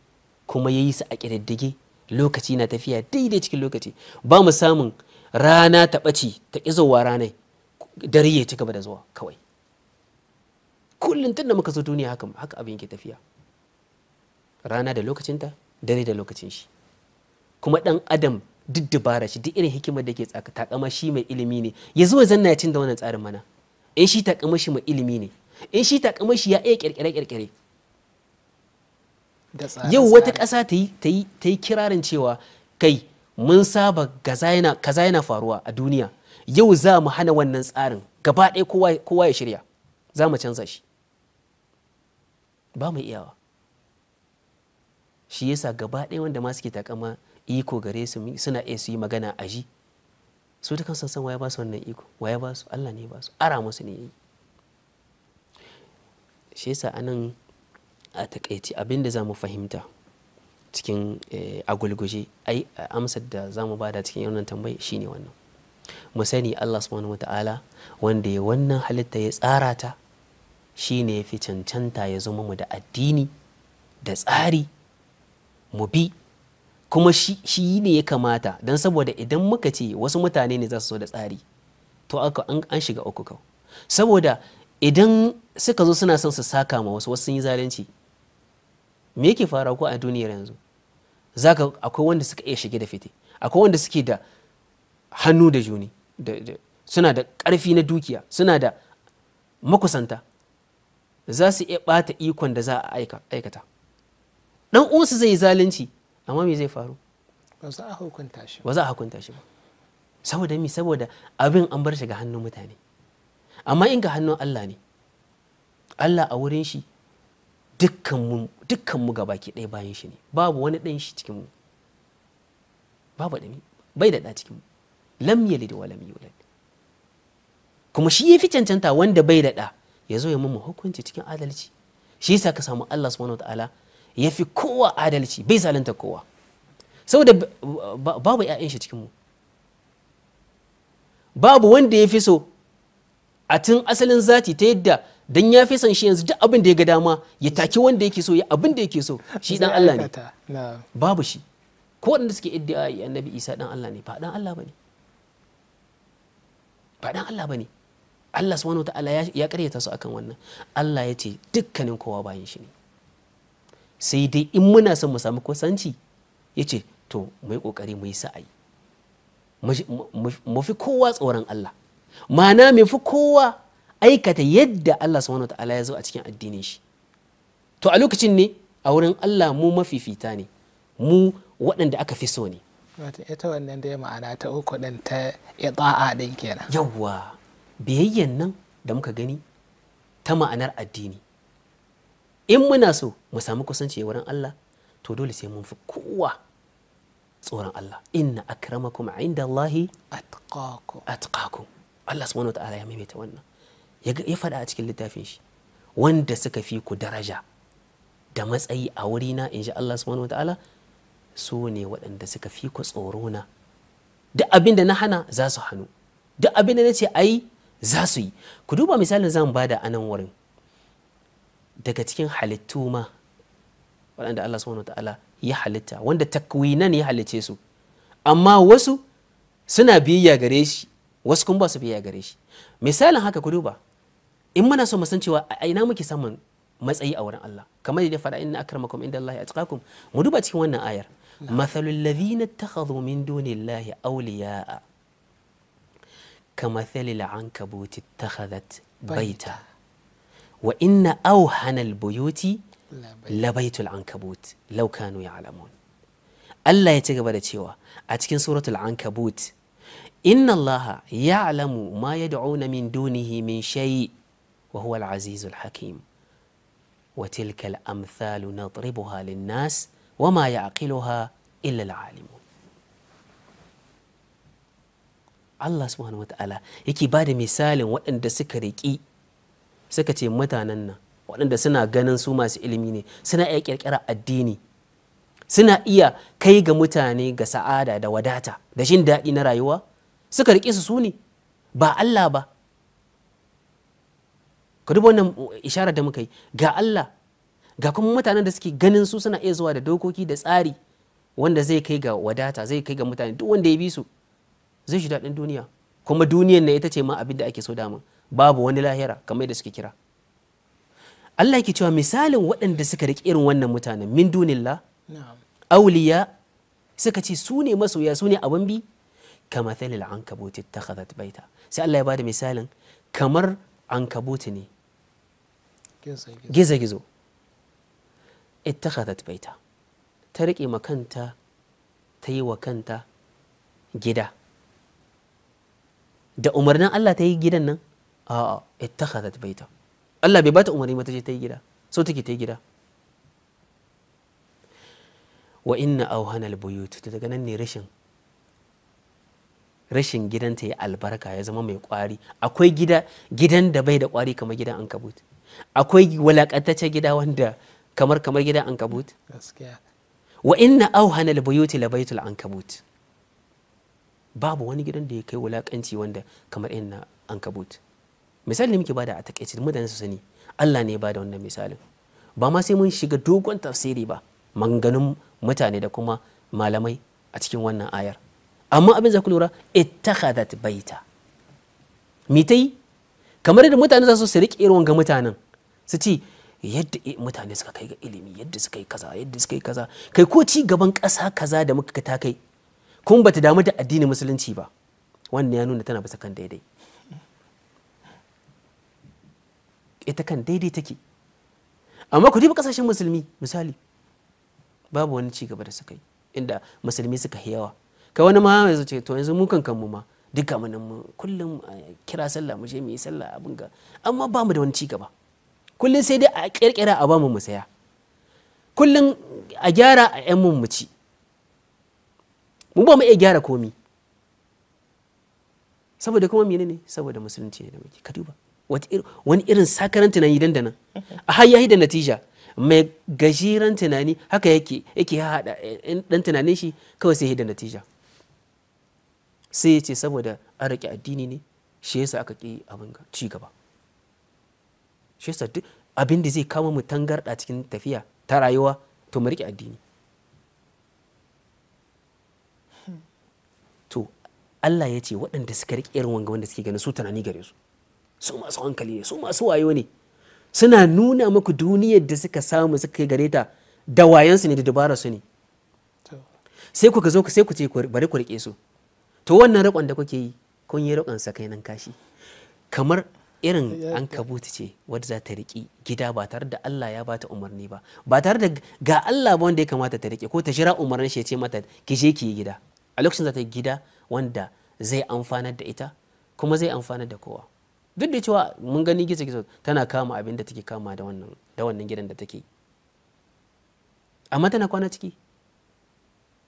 kuma ya yi su a ƙididdige lokaci na tafiya daidai cikin lokaci ba mu samun rana ta ɓaci ta zuwa ranai, dare ya ci gaba da zuwa kawai kullum tun da muka zo duniya haka haka abin ke tafiya rana da lokacinta dare da lokacin shi kuma ɗan adam duk dubara shi duk irin hikimar da ke tsaka takama shi mai ilimi ne ya zo zanna ya cin da wannan tsarin mana in shi takama shi mai ilimi ne in shi takamai shi ya iya kirkire-kirkire yau wata ƙasa ta yi kirarin cewa kai mun saba kaza yana faruwa a duniya yau za mu hana wannan tsarin gaba ɗaya kowa ya shirya za mu canza shi ba mu iyawa shi yasa gaba ɗaya wanda ma suke takama iko gare su suna iya su yi magana a ji su kan san waya ba su wannan iko waya ba su allah ne ba su ara musu ne yi shi yasa anan a takaici abin da za mu fahimta cikin a eh, agulguje ai amsar da za mu bada cikin wannan tambayi shine wannan mu sani Allah subhanahu ta'ala wanda ya wannan halitta ya tsara ta shine ya fi cancanta ya zama mu da addini da tsari mu bi kuma shi ne ya kamata don saboda idan muka ce wasu mutane ne za su so da tsari to an shiga uku kau saboda idan suka zo suna son su saka ma wasu wasu sun yi zalunci me yake fara ko a duniyar yanzu zaka akwai wanda suka iya shige da fite akwai wanda suke da hannu da juni suna da ƙarfi na dukiya suna da makusanta za su iya ɓata ikon da za a aikata dan uwansu zai yi zalunci amma me zai faru ba za a hukunta shi ba saboda mi saboda abin an bar shi ga hannun mutane amma in ga hannun Allah ne Allah a wurin shi dukkan mu gabaki ɗaya bayan shi ne babu wani ɗan shi cikin mu babu ɗani bai da ɗa cikinmu mu lam yalid wa lam yulad kuma shi yafi cancanta wanda bai da ɗa ya zo ya mu hukunci cikin adalci shi yasa ka samu Allah subhanahu wataala ya fi kowa adalci bai zalunta kowa saboda babu 'ya'yan shi cikin mu babu wanda ya fi so a tun asalin zati ta yadda dan ya fi son shi yanzu duk abin da ya ga dama ya taki wanda yake so ya abin da yake so shi dan Allah ne babu shi ko waɗanda suke iddiai annabi Isa dan Allah ne ba dan Allah bane ba dan Allah bane Allah subhanahu wataala ya karyata su akan wannan Allah ya ce dukkanin kowa bayan shi ne sai dai in muna son mu samu kusanci ya ce to mu yi kokari mu yi sa'ayi mu fi kowa tsoron Allah ma'ana mu fi kowa aikata yadda Allah subhanahu wataala ya zo a cikin addinin shi to a lokacin ne a wurin Allah mu mafifita ne mu waɗanda aka fi so ne wato ita wannan dai ma'ana ta uku ɗin ta ita'a ɗin kenan yawwa biyayyan nan da muka gani ta ma'anar addini in muna so mu sami kusanci wurin Allah to dole sai mun fi kowa tsoron Allah inna akramakum inda Allahi atqakum Allah subhanahu wa ta'ala ya maimaita wannan ya faɗa a cikin littafin shi wanda suka fi ku daraja da matsayi a wurina in sha Allah subhanahu ta'ala su ne waɗanda suka fi ku tsoro na duk abin na hana za su hannu duk abin na ce ayi za su yi ku duba misalin zan ba da anan wurin daga cikin halittu ma waɗanda Allah subhanahu ta'ala ya halitta wanda takwinan ya halice su amma wasu suna biyayya gare shi wasu kuma ba su biyayya gare shi misalin haka ku duba in muna so mu san cewa a ina muke samun matsayi a wurin Allah kamar yadda faɗa inna akramakum inda Allah atqakum mu duba cikin wannan ayar mathalul ladhina takhadhu min dunillahi awliya'a kamathalil ankabuti takhadhat baita wa inna awhana albuyuti labaitul ankabut law kanu ya'lamun Allah ya ci gaba da cewa a cikin suratul ankabut inna Allah ya'lamu ma yad'una min dunihi min shay' وهو العزيز الحكيم وتلك الامثال نضربها للناس وما يعقلها الا العالمون الله سبحانه وتعالى يكي بعد مثال وان سكريكي سكتي متى وان سنا غنن سوما سيلمي ني سنا يكركر الديني سنا ايا كاي متاني غا دا وداتا دا شين دادي نا رايوا سكريكي سوني با الله با ka duba wannan ishara da muka yi ga Allah ga kuma mutanen da suke ganin su suna iya zuwa da dokoki da tsari wanda zai kai ga wadata zai kai ga mutane duk wanda ya bi su zai shi daɗin duniya kuma duniyan na ita ce ma abin da ake so dama babu wani lahira kamar da suke kira Allah yake cewa misalin waɗanda suka riƙe irin wannan mutanen min dunillah auliya suka ce su ne masoya su ne abin bi kama thalil an kabuti ta baita sai Allah ya bada misalin kamar an ne gizo-gizo ittakhadhat baita ta riƙe ma kanta ta yi wa kanta gida da umarnin Allah ta yi gidan nan a'a ittakhadhat baita Allah bai bata umarni mata je ta yi gida so take ta yi gida wa inna auhana albuyut daga nan ne rashin rashin gidanta ya albarka ya zama mai kwari akwai gida gidan da bai da kwari kamar gidan ankabut akwai walakantaccen gida wanda kamar kamar gidan ankabut wa inna auhana albuyuti an ankabut babu wani gidan da ya kai wulakanci wanda kamar inna ankabut misali ne muke bada a takaice da su sani Allah ne ya bada wannan misalin ba ma sai mun shiga dogon tafsiri ba manganun mutane da kuma malamai a cikin wannan ayar amma abin za ku lura ittakhadhat baita mitai kamar da mutane za su riƙe irin ga mutanen su ce yadda mutane suka kai ga ilimi yadda suka yi kaza yadda suka yi kaza kai ko ci gaban ƙasa kaza da muka ta kai ba bata damu da addinin musulunci ba wannan ya nuna tana bisa kan daidai ita kan daidai take amma ku duba kasashen musulmi misali babu wani ci gaba da suka yi inda musulmi suka yawa ka wani ma yanzu ce to yanzu mu kan kanmu ma duka mu kullum eh, kira sallah mu je mu yi sallah abin ga amma ba mu da wani ci gaba kullum sai dai a kirkira a ba mu saya kullum a gyara a yan mu ci mu ba mu iya gyara komi saboda kuma mene ne saboda musulunci ne da muke ka duba wani irin sakaran tunani dandana a har yayi da natija mai gajiran tunani haka yake yake haɗa dan eh, tunanin shi kawai sai da natija sai ya ce saboda a riƙe addini ne shi yasa aka ƙi abin ci gaba shi yasa duk abin da zai kawo mu tangarɗa cikin tafiya ta rayuwa to mu riƙe addini to Allah ya ce waɗanda suka rike irin wanga wanda suke ganin su tunani gare su su masu hankali ne su masu wayo ne suna nuna muku duniyar da suka samu suka gare ta da wayansu ne da dubara su ne sai ku zo ku sai ku ce bari ku riƙe su to wannan riƙon da kuke yi kun yi riƙon nan kashi kamar irin an kabuta ce wadda za ta riƙi gida ba tare da Allah ya bata umarni ba ba tare da ga Allah ba wanda ya kamata ta riƙe ko ta jira umarnin shi ya ce mata ki je ki yi gida a lokacin za ta yi gida wanda zai amfanar da ita kuma zai amfanar da kowa duk da cewa mun gani gizo gizo tana kama abin da take kama da wannan da wannan gidan da take amma tana kwana ciki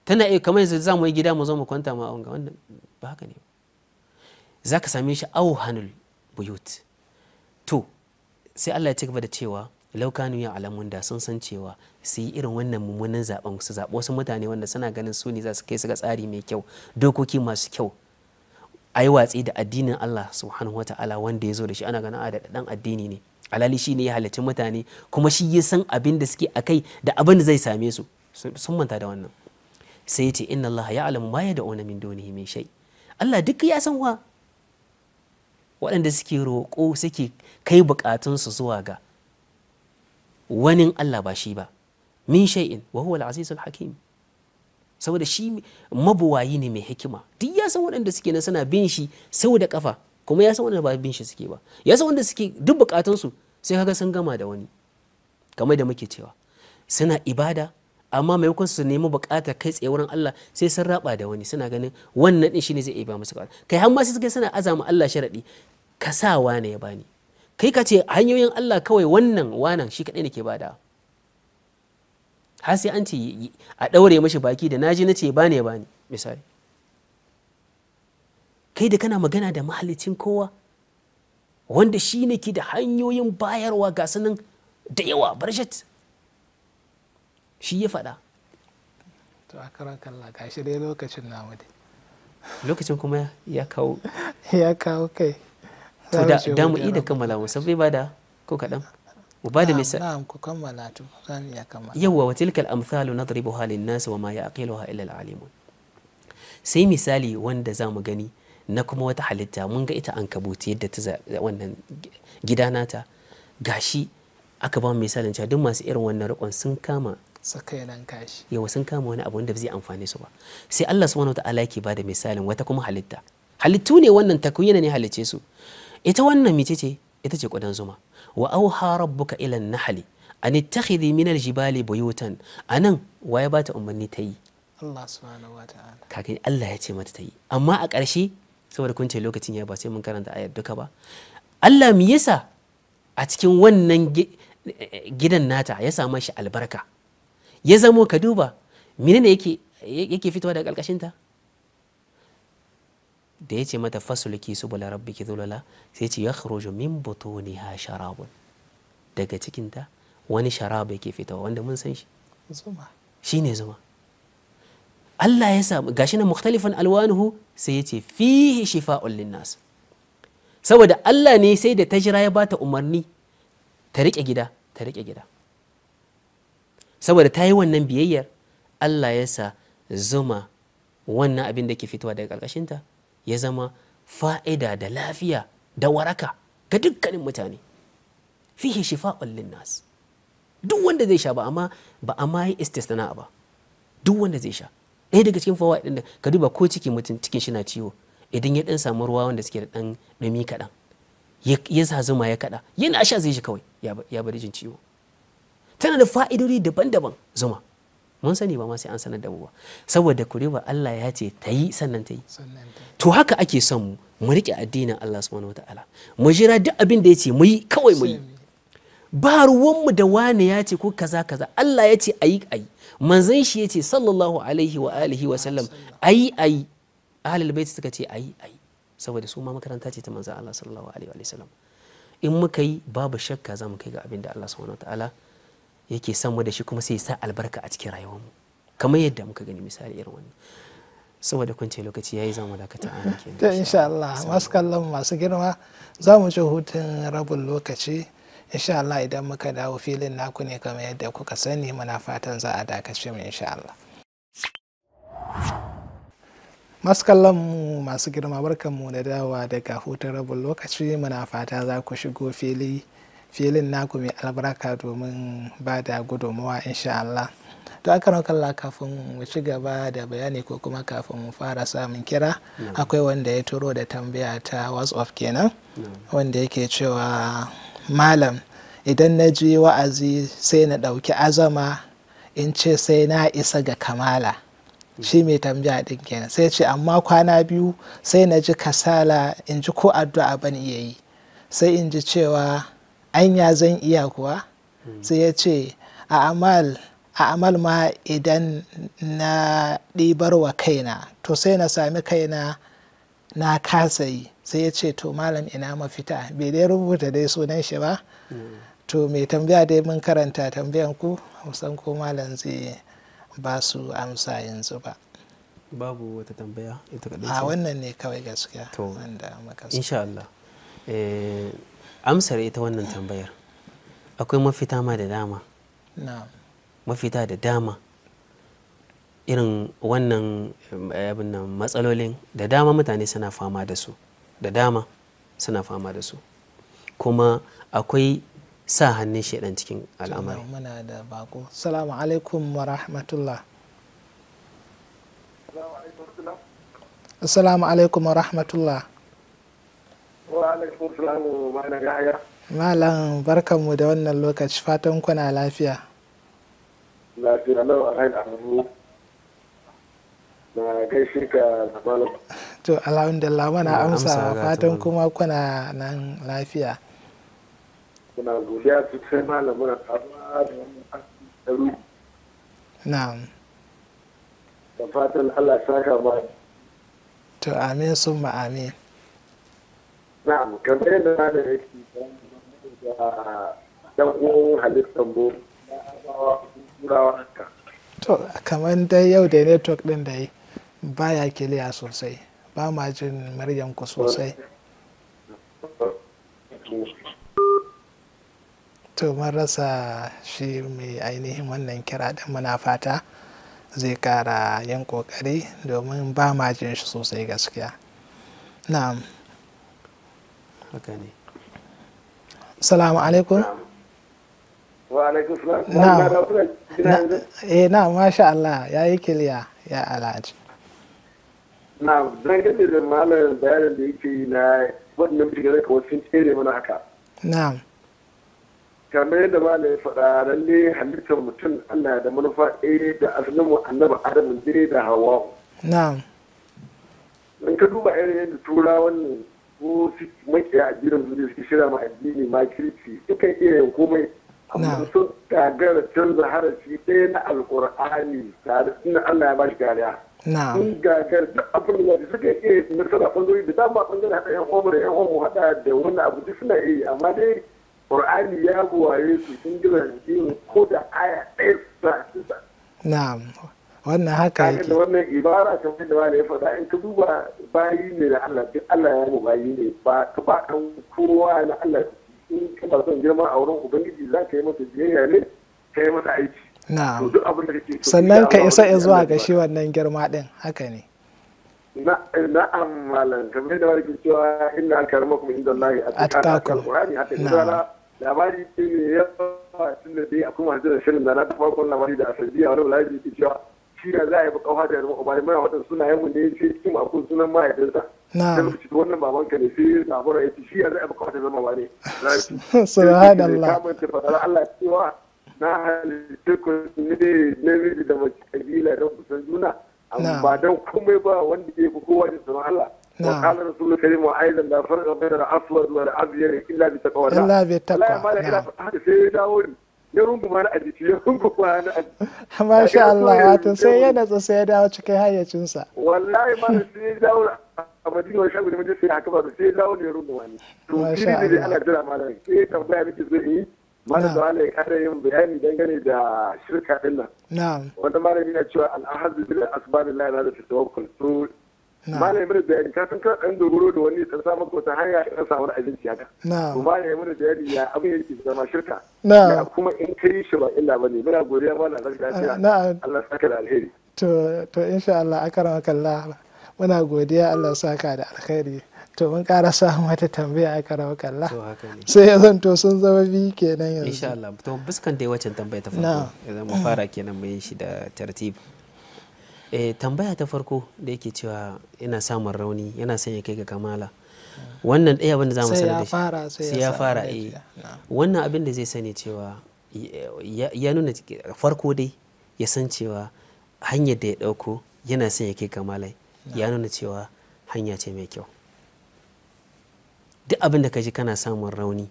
tana iya kamar yanzu za mu yi gida mu zo mu kwanta ma wanda ba haka ne za ka same shi auhanul buyut to sai Allah ya ci gaba da cewa laukanu ya alamun da sun san cewa su yi irin wannan mummunan zaben su wasu mutane wanda suna ganin su ne za su kai su ga tsari mai kyau dokoki masu kyau a yi watsi da addinin Allah subhanahu wa wanda ya zo da shi ana ganin a da ɗan addini ne alali shi ne ya halarci mutane kuma shi ya san abin da suke a kai da abin da zai same su sun manta da wannan sai ya ce inna Allah ya alamu ma ya da'una min dunihi min shai Allah duk ya san wa waɗanda suke roƙo suke kai buƙatunsu zuwa ga wani Allah ba shi ba min shay'in wa huwa al-azizul hakim saboda shi mabuwayi ne mai hikima duk ya san waɗanda suke na suna bin shi sau da kafa kuma ya san waɗanda ba bin shi suke ba ya san waɗanda suke duk buƙatunsu sai kaga sun gama da wani kamar da muke cewa suna ibada amma maimakon su nemi bukata kai tsaye wurin Allah sai sun raba da wani suna ganin wannan din shine zai iya ba musu kawai kai har ma sai suka suna azama Allah sharadi ka sa wane ya bani kai ka ce hanyoyin Allah kawai wannan wanan shi kadai nake bada har sai an ce a daure mashi baki da naji nace bani ya bani misali kai da kana magana da mahalicin kowa wanda shi ne ke da hanyoyin bayarwa ga sanin da yawa barjet shi ya faɗa to a karan kalla gashi dai lokacin namu dai lokacin kuma ya kawo ya kawo kai to da damu yi da kammala mu sabbai ba da ko kaɗan mu ba da sa'a. na'am ku kammala to zan iya kammala Yawwa wa tilkal amsalu nadribuha lin nas wa ma ya'qiluha illa al alimun sai misali wanda za mu gani na kuma wata halitta mun ga ita an kabuti yadda ta wannan gida nata gashi aka ba mu misalin cewa duk masu irin wannan rikon sun kama suka kashi. kama wani abu wanda ba zai amfane su ba sai Allah subhanahu wataala yake bada misalin wata kuma halitta halittu ne wannan takwina ne halice su ita wannan mice ce ita ce kudan zuma wa auha rabbuka ila nahli an ittakhidhi min aljibali buyutan anan waye bata umarni ta yi Allah subhanahu ta'ala kakin Allah ya ce mata ta yi amma a ƙarshe saboda kun ce lokacin ya ba sai mun karanta ayar duka ba Allah mi yasa a cikin wannan gidan nata ya sama shi albarka ya zamo ka duba menene yake yake fitowa daga ƙarƙashinta da ya ce mata fasulki su bula rabbi ki zulala sai ce ya kharuju min ha sharabun daga cikinta wani sharabu yake fitowa wanda mun san shi zuma shine zuma Allah ya samu gashi na mukhtalifan alwanuhu sai ya ce fihi shifa'un linnas saboda Allah ne sai da ta jira ya bata umarni ta riƙe gida ta riƙe gida saboda ta yi wannan biyayyar Allah ya sa zuma wannan abin da ke fitowa daga ƙarƙashinta ya zama fa'ida da lafiya da waraka ga dukkanin mutane fihi shifa'un nasu. duk wanda zai sha ba amma ba ma yi istisna ba duk wanda zai sha ɗaya daga cikin fawa ɗin da ka duba ko ciki mutum cikin shi na ciwo idan ya ɗan samu ruwa wanda suke da ɗan ɗumi kaɗan ya sa zuma ya kaɗa yana sha zai shi kawai ya bari jin ciwo tana da fa'idodi daban-daban zuma mun sani ba ma sai an sanar da mu ba saboda kuriba Allah ya ce ta yi sannan ta yi to haka ake son mu mu riƙe addinin Allah subhanahu wataala mu jira duk abin da ya ce mu yi kawai mu yi ba ruwanmu da wani ya ce ko kaza kaza Allah ya ce ayi ayi manzon shi ya ce sallallahu alaihi wa alihi wa sallam ayi ayi ahlul bait suka ce ayi ayi saboda su ma makaranta ce ta manzon Allah sallallahu alaihi wa sallam in muka yi babu shakka za mu kai ga abin da Allah subhanahu wataala yake son mu da shi kuma sai ya sa albarka a cikin rayuwar mu kamar yadda muka gani misali irin wannan saboda kun ce lokaci yayi zamu dakata a nan to insha Allah masu kallon masu girma za mu ci hutun rabin lokaci insha Allah idan muka dawo filin naku ne kamar yadda kuka sani muna fatan za a dakace mu insha Allah masu kallon mu masu girma barkan mu da dawa daga hutun rabin lokaci muna fata za ku shigo fili filin naku mai albarka domin ba da gudunmawa insha Allah. To aka kalla kafin mu ci gaba da bayani ko kuma kafin mu fara samun kira akwai wanda ya turo da tambaya ta WhatsApp kenan wanda yake cewa malam idan na ji wa'azi sai na ɗauki azama in ce sai na isa ga kamala. Mm. shi mai tambaya din kenan sai ce amma kwana biyu sai na ji kasala in ji ko addu'a ban iya yi sai in ji cewa anya zan iya kuwa hmm. sai ya ce a amal ma idan na ɗibar wa kaina to sai na sami kaina na kasa yi sai ya ce to malam ina mafita bai dai rubuta dai sunan shi ba hmm. to mai tambaya dai mun karanta tambayan ku san ko malam zai ba su amsa yanzu ba babu wata tambaya ita kadai a wannan ne kawai gaskiya to insha Allah eh, amsar ita wannan tambayar akwai mafita ma da dama mafita da dama irin wannan eh, abinnan matsalolin da dama mutane suna fama da su da dama suna fama da su kuma akwai sa hannun shaidan cikin al'amari muna da bako salamu alaikum wa rahmatullah salamu alaikum wa rahmatullah Malam barkan mu da wannan lokaci fatan kuna lafiya. Lafiya lau a hain na gaishe ka da malam. To alhamdulillah mana amsa fatan kuma kuna nan lafiya. Kuna godiya sosai malam muna kama da wani Na'am. Da fatan Allah saka ba. To amin sun ma amin. kamar to kamar dai yau da network ɗin da yi baya kiliya sosai ba ma jin maryan ku sosai to mun rasa shi mai ainihin wannan kira din muna fata zai kara yin kokari domin ba ma jin shi sosai gaskiya na'am haka ne salamu alaikum Na'am. na eh, masha Allah kiliya ya alhaji da malamin bayanin da na'am kamar yadda ma ya faɗa lalle halittar mutum Allah da manufa ɗaya da asalin annaba da hawa. Na'am. In ka duba irin yadda turawan ko makiya addinin zuri su shirya ma addini ma kirki dukkan iya yin komai amma ta gagara canza harafi ɗaya na alkur'ani tare da Allah ya ba shi gariya sun gagar duk abin da suka iya nasara ɓangare da dama ɓangare haɗa yan homo da yan homo haɗa da wani abu duk suna iya amma dai Qur'ani ya buwaye su sun gina yin ko da aya ɗaya su sa. Na'am. wannan haka yake da wannan ibara kamar da wani ya faɗa in ka duba bayi ne da Allah duk Allah ya mu bayi ne ba ka ba kan kowa na Allah in ka ba son girma a wurin ubangiji za ka yi masa biyayya ne ka yi masa aiki na'am sannan ka isa ya zuwa ga shi wannan girma din haka ne na na'am malam kamar da wani ke cewa inna akarmakum indallahi atqakum qur'ani hatta kana labari ne ya tun da dai akwai masu da shirin da na tafi kwallon labari da asabi a wani labari ke cewa shirya za a yi bukawa da ba mara suna wanda ya ce cikin sunan mahaifinsa na wannan ne sai zabura ya ce a yi da zama subhanallah kamar ta fadar na da mace kabila don juna ba don komai ba wanda ya fi kowa da Allah وقال رسول الكريم وايضا لا فرق بين الاسود والابيض Ila ya runguma na ajiki ya runguma na aji. masha Allah wato sai ya natsu sai ya dawo cikin hayyacinsa wallahi ma da sai ya dawo a madina wani shagunan majalisa ya haka ba sai ya dawo ne ya runguma ne to shi ne dai ana jira malam sai tambaya nake zo yi malam da wala ya kara yin bayani dangane da shirka din nan wanda malam yana cewa al'ahadu bil asbanillahi la tawakkal to malam mana da ka san ka dan dogoro da wani san samu ko ta hanya ka samu abinci haka to yi mana da yari ya abin yake zama shirka na kuma in kai shi ba illa ba ne muna godiya na zaka ta Allah saka da alheri to to insha Allah akrama kallah muna godiya Allah saka da alheri to mun ƙara samun wata tambaya a karawa kalla sai ya to sun zama biyu kenan yanzu insha Allah to buskan dai waccan tambaya ta farko idan mu fara kenan mu yi shi da tartib eh tambaya ta farko da yake cewa yana samun rauni yana son ya kai ga kamala wannan ɗaya abin za mu sanar da shi ya fara eh wannan abin da zai sani cewa ya nuna farko dai ya san cewa hanyar da ya ɗauko yana son ya kai kamala ya nuna cewa hanya ce mai kyau duk abin da ka ji kana samun rauni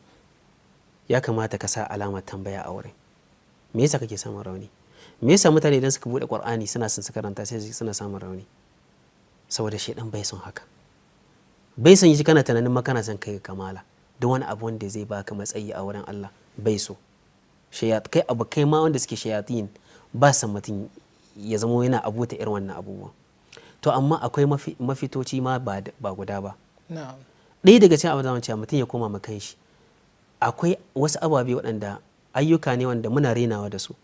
ya kamata ka sa alamar tambaya a wurin me yasa kake samun rauni me yasa mutane idan suka bude qur'ani suna son su karanta sai suna samun rauni saboda shedan bai son haka bai son shi kana tunanin ma kana son kai kamala duk wani abu wanda zai baka matsayi a wurin Allah bai so shayat kai abu kai ma wanda suke shayatin ba san mutum ya zama yana abuta irin wannan abubuwa to amma akwai mafitoci ma ba guda ba ɗaya daga cikin abubuwan wancan mutum ya koma ma kanshi akwai wasu ababe waɗanda ayyuka ne wanda muna rainawa da su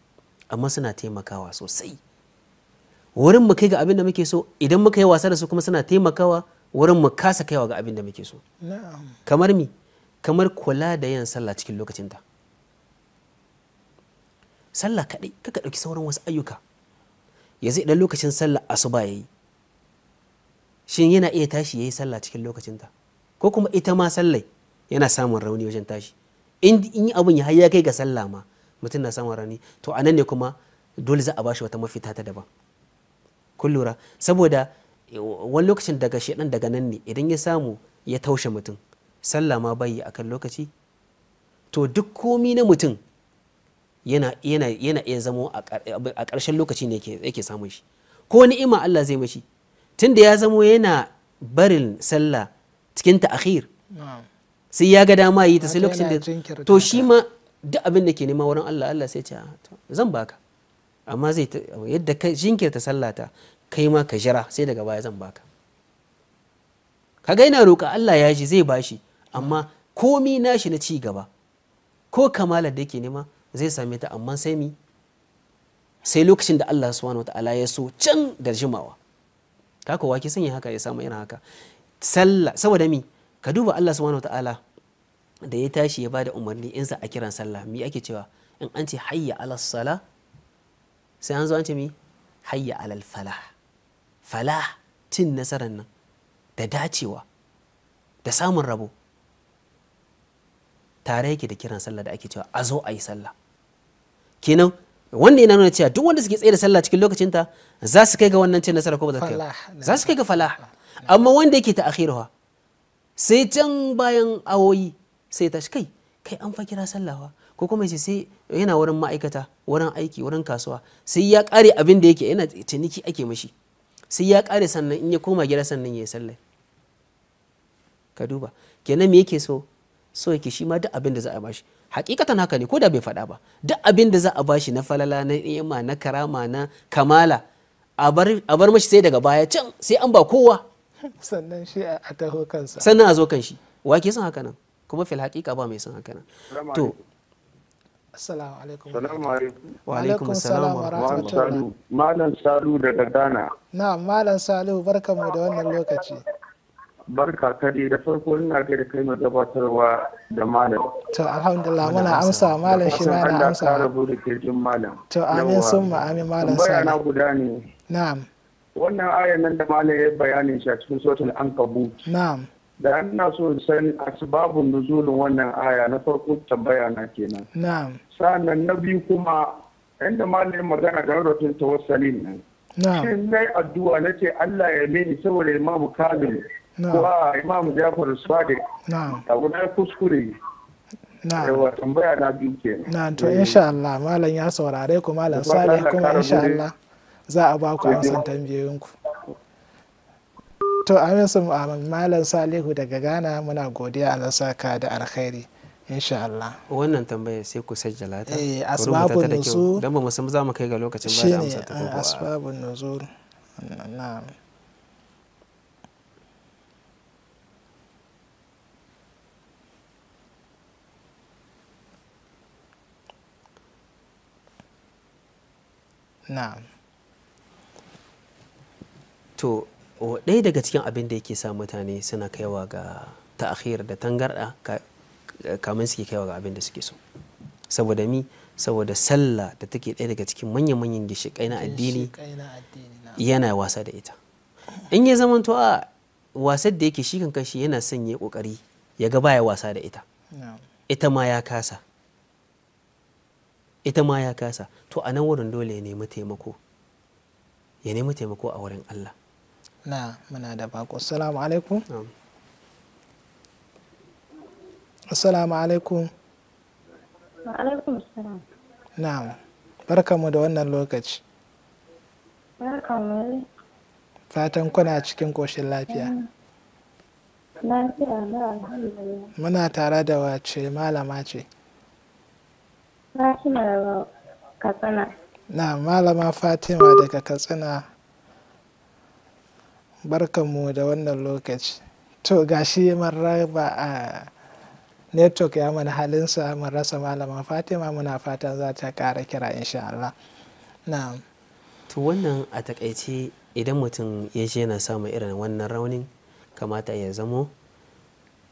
amma suna taimakawa sosai wurin mu kai ga abin da muke so idan muka yi wasa da su kuma suna taimakawa wurin mu kasa kaiwa ga abin da muke so kamar mi kamar kula da yin sallah cikin lokacinta sallah kaɗai kaka ɗauki sauran wasu ayyuka yanzu idan lokacin sallah asuba yayi. shin yana iya tashi ya yi sallah cikin lokacinta ko kuma ita ma sallai yana samun rauni wajen tashi in abin ya kai ga sallah ma mutum na samun rani to a nan ne kuma dole za a bashi wata mafita ta daban kun lura saboda eh, wani lokacin daga shedan daga nan ne idan ya samu ya taushe mutum sallah ma bai a kan lokaci to duk komi na mutum yana iya zamo a ƙarshen lokaci ne yake samun shi ko ni'ima Allah zai mashi tunda ya zamo yana barin sallah cikin ta'akhir sai ya ga dama yi ta sai lokacin da to shi ma duk abin da ke nema wurin Allah Allah sai ce ah, zan baka amma zai yadda ka jinkirta sallata kai ma ka jira sai daga baya zan baka kaga yana roka Allah ya ji zai bashi amma komi nashi na ci gaba ko kamala da yake nema zai same ta amma sai mi sai lokacin da Allah subhanahu wata'ala ya so can da jimawa kaka wake sanya haka ya samu irin haka sallah saboda mi ka duba Allah subhanahu wata'ala da ya tashi ya bada umarni in za a kiran sallah mi ake cewa in an ce hayya ala sala sai an zo an ce mi hayya alal falah falah cin nasarar nan da dacewa da samun rabo tare yake da kiran sallah da ake cewa a zo a yi sallah kenan wanda yana nuna cewa duk wanda suke tsaye da sallah cikin lokacinta za su kai ga wannan cin nasara ko ba za su kai za su kai ga falah amma wanda yake ta akhiruwa sai can bayan awoyi sai tashi kai kai an fa kira sallawa ko kuma yace sai yana wurin ma'aikata wurin aiki wurin kasuwa sai ya kare abin da yake yana ciniki ake mashi sai ya kare sannan in ya koma gida sannan ya sallah ka duba kenan me yake so so yake shi ma duk abin da za a bashi hakikatan haka ne ko da bai faɗa ba duk abin da za a bashi na falala na ni'ima na karama na kamala a bar mashi sai daga baya can sai an ba kowa sannan shi a taho kansa sannan a zo kan shi wa ke son haka nan kuma fil haƙiƙa ba mai san haka nan to assalamu alaikum Salamu alaikum wa alaikum assalam wa rahmatullahi malam salu daga ghana na'am malam salu barkamu da wannan lokaci barka ka da farko ina ga da kai gabatarwa da malam to alhamdulillah muna amsa malam shi ma na amsa Allah ka ke jin malam to amin sun amin malam sai bayana guda ne na'am wannan ayan nan da malam ya bayanin shi a cikin an kabu. na'am da ina so in san asibabin nuzulin wannan aya na farko tambaya na kenan na'am sannan na biyu kuma inda malamin magana ga da tun tawassalin nan shin yi addu'a na ce Allah ya mini saboda Imam Kamil ko Imam Jafar Sadiq na'am abu na kuskure yawa tambaya na biyu kenan na to insha Allah malam ya saurare ku malam Salih kuma insha Allah za a ba ku amsan tambayoyinku to aminsu mu'amin malam salihu daga ghana muna godiya a saka da alkhairi insha Allah wannan tambaya sai ku sajjala ta eh asbabun nuzul dan ba mu san za mu kai ga lokacin ba da amsa ta ko eh, asbabun nuzul na'am na'am to ɗaya daga cikin abin da yake sa mutane suna kaiwa ga ta'akhir da tangarɗa kamin suke kaiwa ga abin da suke so saboda mi saboda sallah da take ɗaya daga cikin manya-manyan gishikai na addini yana wasa da ita in ya zama to a wasan da yake shi kan kashi yana son ya kokari ya ga baya wasa da ita ita ma ya kasa ita ma ya kasa to a nan wurin dole ya nemi taimako ya nemi taimako a wurin Allah na muna da bako assalamu alaikum assalamu alaikum wa alaikum assalam barka mu da wannan lokaci mu fatan kuna cikin koshin lafiya mm. lafiya na alhamdulillah muna tare da wace malama ce Fatima daga Katsina. Na malama Fatima daga Katsina barkanmu da wannan lokaci to gashi mun raba a network ya mana halinsa mun rasa malama fatima muna fatan za ta kara kira insha Allah na'am to wannan a takaice idan mutum ya je yana samun irin wannan raunin kamata ya zamo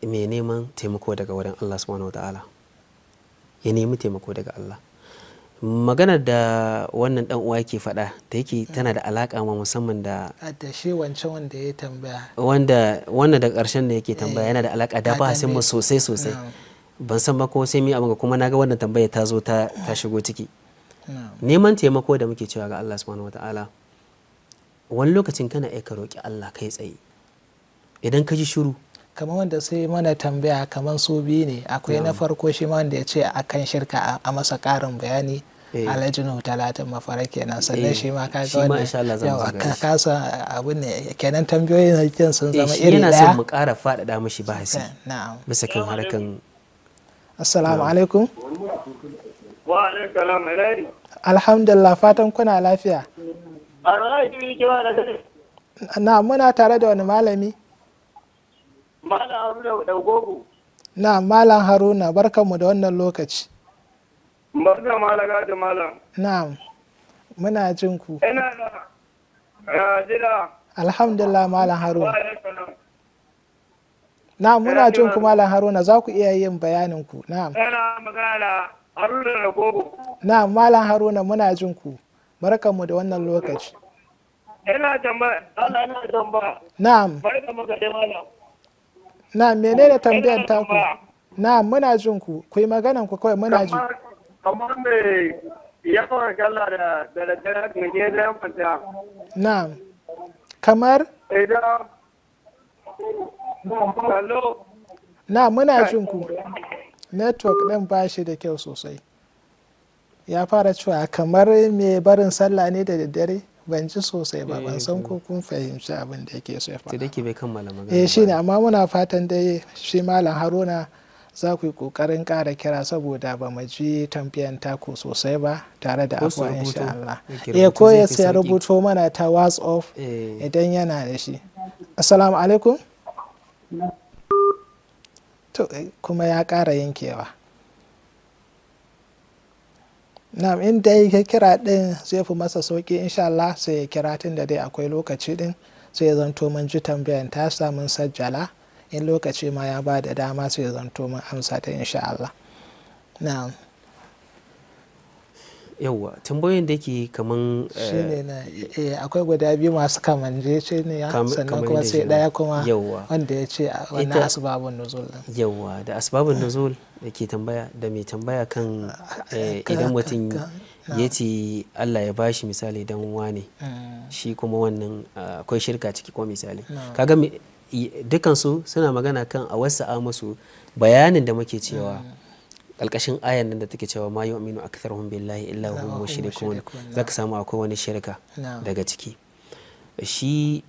mai neman taimako daga wurin Allah subhanahu wa ta'ala ya nemi taimako daga Allah maganar da wannan dan uwa yake faɗa ta yake mm. tana da alaka ma musamman da da shi wancan wanda ya tambaya wanda wanda da ƙarshen da yake tambaya eh, yana da alaka da ba mu sosai sosai ban san ba ko sai mi abin kuma naga wannan tambaya ta zo ta ta shigo ciki neman taimako da muke cewa ga Allah subhanahu wataala wani lokacin kana iya ka roƙi Allah kai tsaye idan ka ji shiru kamar wanda sai mana tambaya kamar su biyu ne akwai na farko shi ma wanda ya ce a kan shirka a masa karin bayani Eh. alhaji nuhu talatin mafara kenan sannan eh, shi ma kaga wani yawa kasa abin ne kenan tambayoyin hakkin sun eh, zama iri daya yana son mu ƙara faɗaɗa mashi hasi bisa kan harkan assalamu alaikum wa alaikum alhamdulillah fatan kuna lafiya na muna tare da wani malami malam haruna dagogo na malam haruna barkanmu da wannan lokaci Barka malaga da malam. Na'am. Muna jin ku. Ina da jira. Alhamdulillah malam Haruna. Na muna jin ku malam Haruna za ku iya yin bayanin ku. Na'am. Ina magana da Haruna da Gogo. Na'am malam Haruna muna jin ku. Barkanmu da wannan lokaci. Ina tambaya, Allah ina tambaya. Na'am. Barka maka da malam. Na'am menene tambayar taku? Na'am muna jin ku. Ku yi maganan ku kawai muna ji. kamar ya kamar na muna jin ku network ɗin ba shi da kyau sosai ya fara cewa kamar mai barin sallah ne da daddare ban ji sosai ba ban san eh, ko kun fahimci abin da yake so ya faɗa. bai kammala eh, shine amma muna fatan dai shi malam Haruna za ku yi kokarin ƙara kira saboda ba mu ji tambayan taku sosai ba tare da afuwa insha Allah eh, ya ko ya sai rubuto mana ta WhatsApp eh. idan yana da shi assalamu alaikum to eh, kuma ya ƙara yankewa na in dai ya kira din zai fi masa sauki insha Allah sai ya kira tun da dai akwai lokaci din sai ya zanto mun ji tambayan ta samun sajjala in lokaci ma ya ba da dama sai zanto mun amsa ta insha Allah na'am yawwa tambayoyin da ke kaman eh, ne na eh, akwai guda biyu masu kamanje ce ne ya sannan kuma sai daya kuma wanda ya ce wani asbabun nuzul yawwa da asbabun nuzul da ke tambaya da mai tambaya kan ah, eh, ah, idan ah, mutum ya ce Allah ya bashi misali dan wane mm. shi kuma wannan akwai shirka ciki ko misali kaga dukansu suna magana kan a wasu a masu bayanin da muke cewa alkashin ayan nan da take cewa ma yu'minu aktharuhum billahi illa wani mushrikun ka samu akwai wani shirka daga ciki shi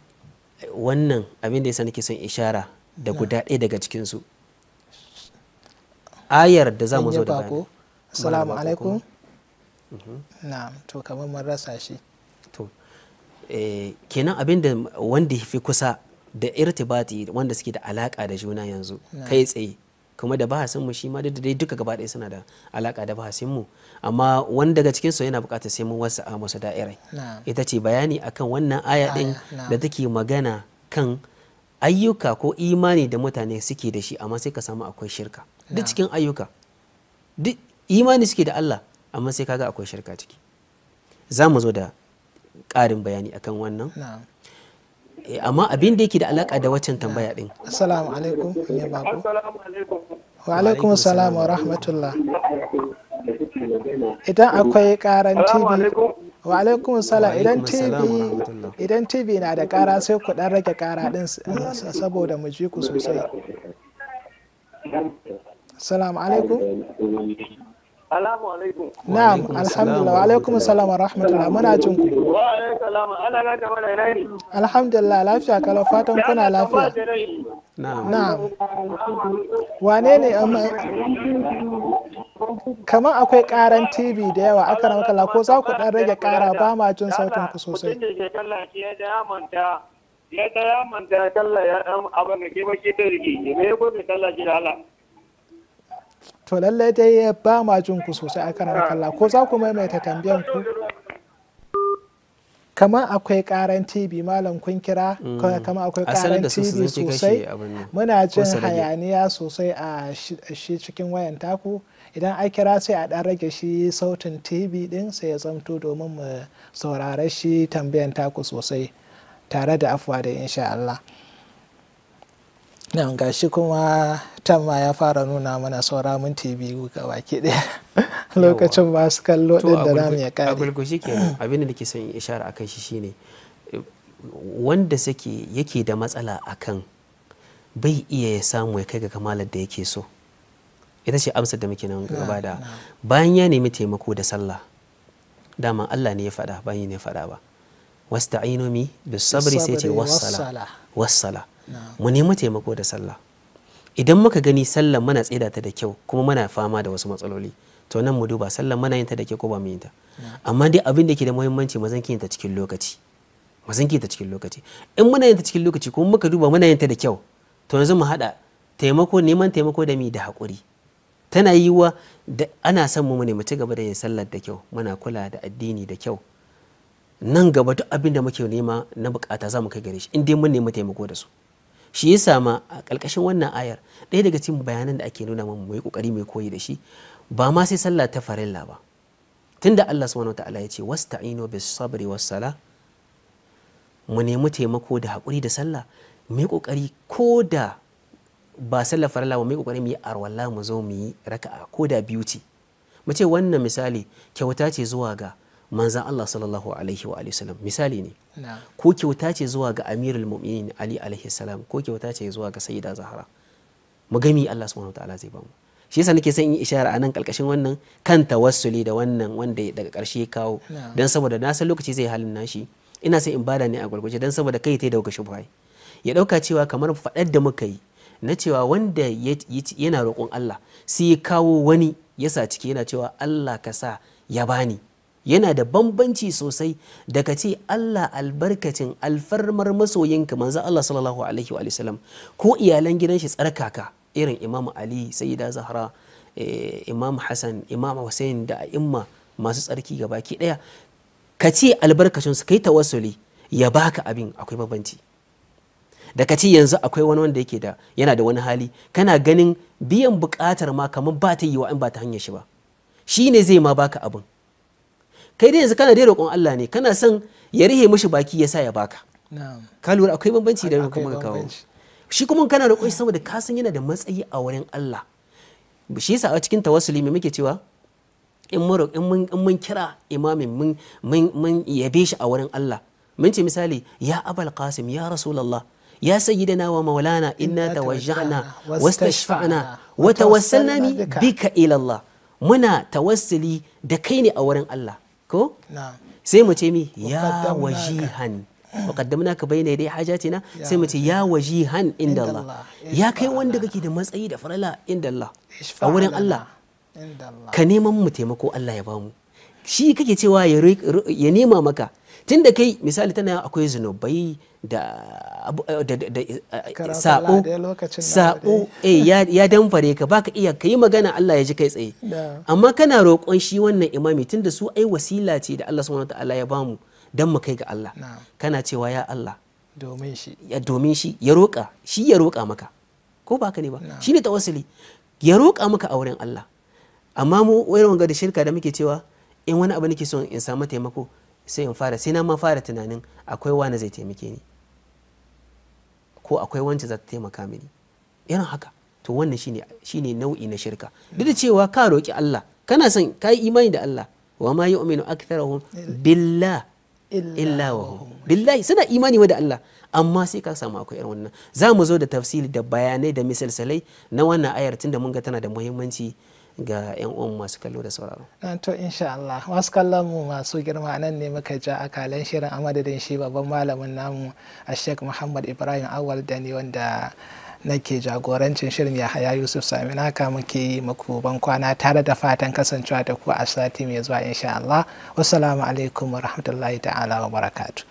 wannan abin da yasa nake son ishara da guda ɗaya daga cikin su ayar da za mu zo da bayani assalamu alaikum mhm. na'am to kamar mun rasa shi to eh, kenan abin da wanda ya fi kusa da irtibati wanda suke da alaka da juna yanzu kai tsaye kuma da bahasin mu shi ma da dai duka gaba ɗaya suna da alaka da bahasin mu amma wanda daga cikin su yana buƙatar sai mun wasa a masa da'irai ita ce bayani akan wannan aya din da take magana kan ayyuka ko imani da mutane suke da shi amma sai ka samu akwai shirka duk cikin ayyuka duk imani suke da Allah amma sai kaga akwai shirka ciki za mu zo da ƙarin bayani akan wannan Eh, amma abin da yake da alaka da wacin tambaya din assalamu alaikum ne bako wa alaikum assalam wa rahmatullah idan akwai karan tv wa alaikum assalam idan tv idan tv na da kara sai ku dan rage kara din eh, saboda mu ji ku sosai assalamu alaikum Na'am, alhamdulillah. Wa alaikum salam wa rahmatullah. Muna jin ku. Wa alaikum salam. ga ta fatan kuna lafiya. Na'am. Wane ne um, kamar akwai karan TV da yawa aka ko za ku dan rage kara ba ma jin sautin ku sosai. Ya ta ya manta da ke ya gobe ji da Allah. to lallai dai ba ma jin ku sosai a karan kalla ko za ku maimaita tambayan ku kamar akwai karan tv malam kun kira mm. kamar akwai karan tv sosai muna jin hayaniya sosai a shi cikin wayan taku idan a kira sai a dan rage shi sautin tv din sai ya zamto domin mu saurare shi tambayan taku sosai tare da afuwa da insha Allah. nan gashi kuma tamma ya fara nuna mana saura minti biyu ga baki daya lokacin ba su kallo din da ramu ya kare a gulgushi ke abin da ke son ishara akan shi shine wanda sake yake da matsala akan bai iya ya samu ya kai ga kamalar da yake so ita ce amsar da muke nan gaba da bayan ya nemi taimako da sallah dama Allah ne ya fada bayan ne ya faɗa ba wasta'inu mi bis sabri sai ce wassala wassala mu nemi taimako da sallah idan muka gani sallah muna tsida ta da kyau kuma muna fama da wasu matsaloli to nan mu duba sallah muna yin ta da kyau ko ba mu yin ta amma dai abin da ke da muhimmanci mu zanki ta cikin lokaci mu zanki ta cikin lokaci in muna yin ta cikin lokaci kuma muka duba muna yin ta da kyau to yanzu mu hada taimako neman taimako da mi da hakuri tana yiwa da ana son mu ne mu ci gaba da yin sallah da kyau muna kula da addini da kyau nan gaba duk abin da muke nema na bukata za mu kai gare shi in dai mun nemi taimako da su shi ya sama a ƙarƙashin wannan ayar ɗaya daga cikin bayanan da ake nuna mu yi ƙoƙari mai koyi da shi ba ma sai sallah ta farilla ba tunda Allah subhanahu wataala ya ce wasta'inu bis sabri was sala mu nemi taimako da haƙuri da sallah mai ƙoƙari ko da ba sallah farilla ba mu yi ƙoƙari mu yi arwalla mu zo mu yi raka'a ko da biyu ce mu ce wannan misali kyauta ce zuwa ga manzan Allah sallallahu alaihi wa misali ne ko kyauta ce zuwa ga amirul mu'minin ali alaihi salam ko kyauta ce zuwa ga sayyida zahra mu gami Allah subhanahu wataala zai bamu shi yasa nake son yin ishara a nan karkashin wannan kan tawassuli da wannan wanda daga karshe ya kawo dan saboda na san lokaci zai halin nashi ina son in bada ne a gurguje dan saboda kai ta dauka shubha ya dauka cewa kamar faɗar da muka yi na cewa wanda yana roƙon Allah sai ya kawo wani yasa sa ciki yana cewa Allah ka sa ya bani yana da bambanci sosai da ka ce Allah albarkacin alfarmar masoyinka manzo Allah sallallahu alaihi wa sallam ko iyalan gidan shi tsarkaka irin Imam Ali Sayyida Zahra eh, Imam Hassan Imam Hussein da a'imma masu tsarki ga baki daya ka ce albarkacin su kai tawassuli ya baka abin akwai bambanci da ka ce yanzu akwai wani wanda yake da yana da wani hali kana ganin biyan bukatar ma kamar ba ta yi wa in ba ta hanyar shi ba shi ne zai ma baka abin kai dai yanzu kana da roƙon Allah ne kana son ya rihe mishi baki ya sa ya baka ka lura akwai bambanci da kuma ka kawo shi kuma kana roƙon shi saboda ka san yana da matsayi a wurin Allah shi yasa a cikin tawassuli me muke cewa in mun in mun kira imamin mun mun yabe shi a wurin Allah mun ce misali ya abal qasim ya rasulullah يا سيدنا ومولانا إنا توجهنا واستشفعنا وتوسلنا بك إلى الله muna tawassuli da kai ne a wurin Allah ko sai mu ce mi ya wajihan muqaddamna ka bayyana dai hajatina sai mu ce ya wajihan inda Allah ya kai wanda kake da matsayi da farala inda Allah a wurin Allah ka neman mu taimako Allah ya bamu shi kake cewa ya nema maka tunda kai misali tana akwai zunubai da sabo eh, eh, eh, sabo eh ya danfare ka baka iya ka yi magana Allah ya ji kai tsaye amma kana roƙon shi wannan imami tunda su ai wasila ce da Allah subhanahu wataala ya bamu dan mu kai ga Allah kana cewa ya Allah domin shi ya domin shi ya roƙa shi ya roƙa maka ko baka ne ba shine tawassuli ya roƙa maka a wurin Allah amma mu irin ga da shirka da muke cewa in wani abu nake so in samu taimako sai in fara sai na ma fara tunanin akwai wani zai taimake ni ko akwai wancan za ta taimaka mini irin haka to wannan shine shine nau'i na shirka duk da cewa ka roki Allah kana son kai imani da Allah wa ma yu'minu aktharuhum billah illa wa hum billahi suna imani wa da Allah amma sai ka samu akwai irin wannan za mu zo da tafsiri da bayanai da misalsalai na wannan ayar tunda mun ga tana da muhimmanci ga 'yan uwan masu kallo da sauraro. to insha Allah masu kallon mu masu girma nan ne muka ja akalan shirin a madadin shi babban malamin namu a sheikh muhammad ibrahim awal da ne wanda nake jagorancin shirin yahaya yusuf naka muke yi muku ban kwana tare da fatan kasancewa da ku a sati mai zuwa insha Allah wasu alaikum wa rahmatullahi ta'ala wa barakatu.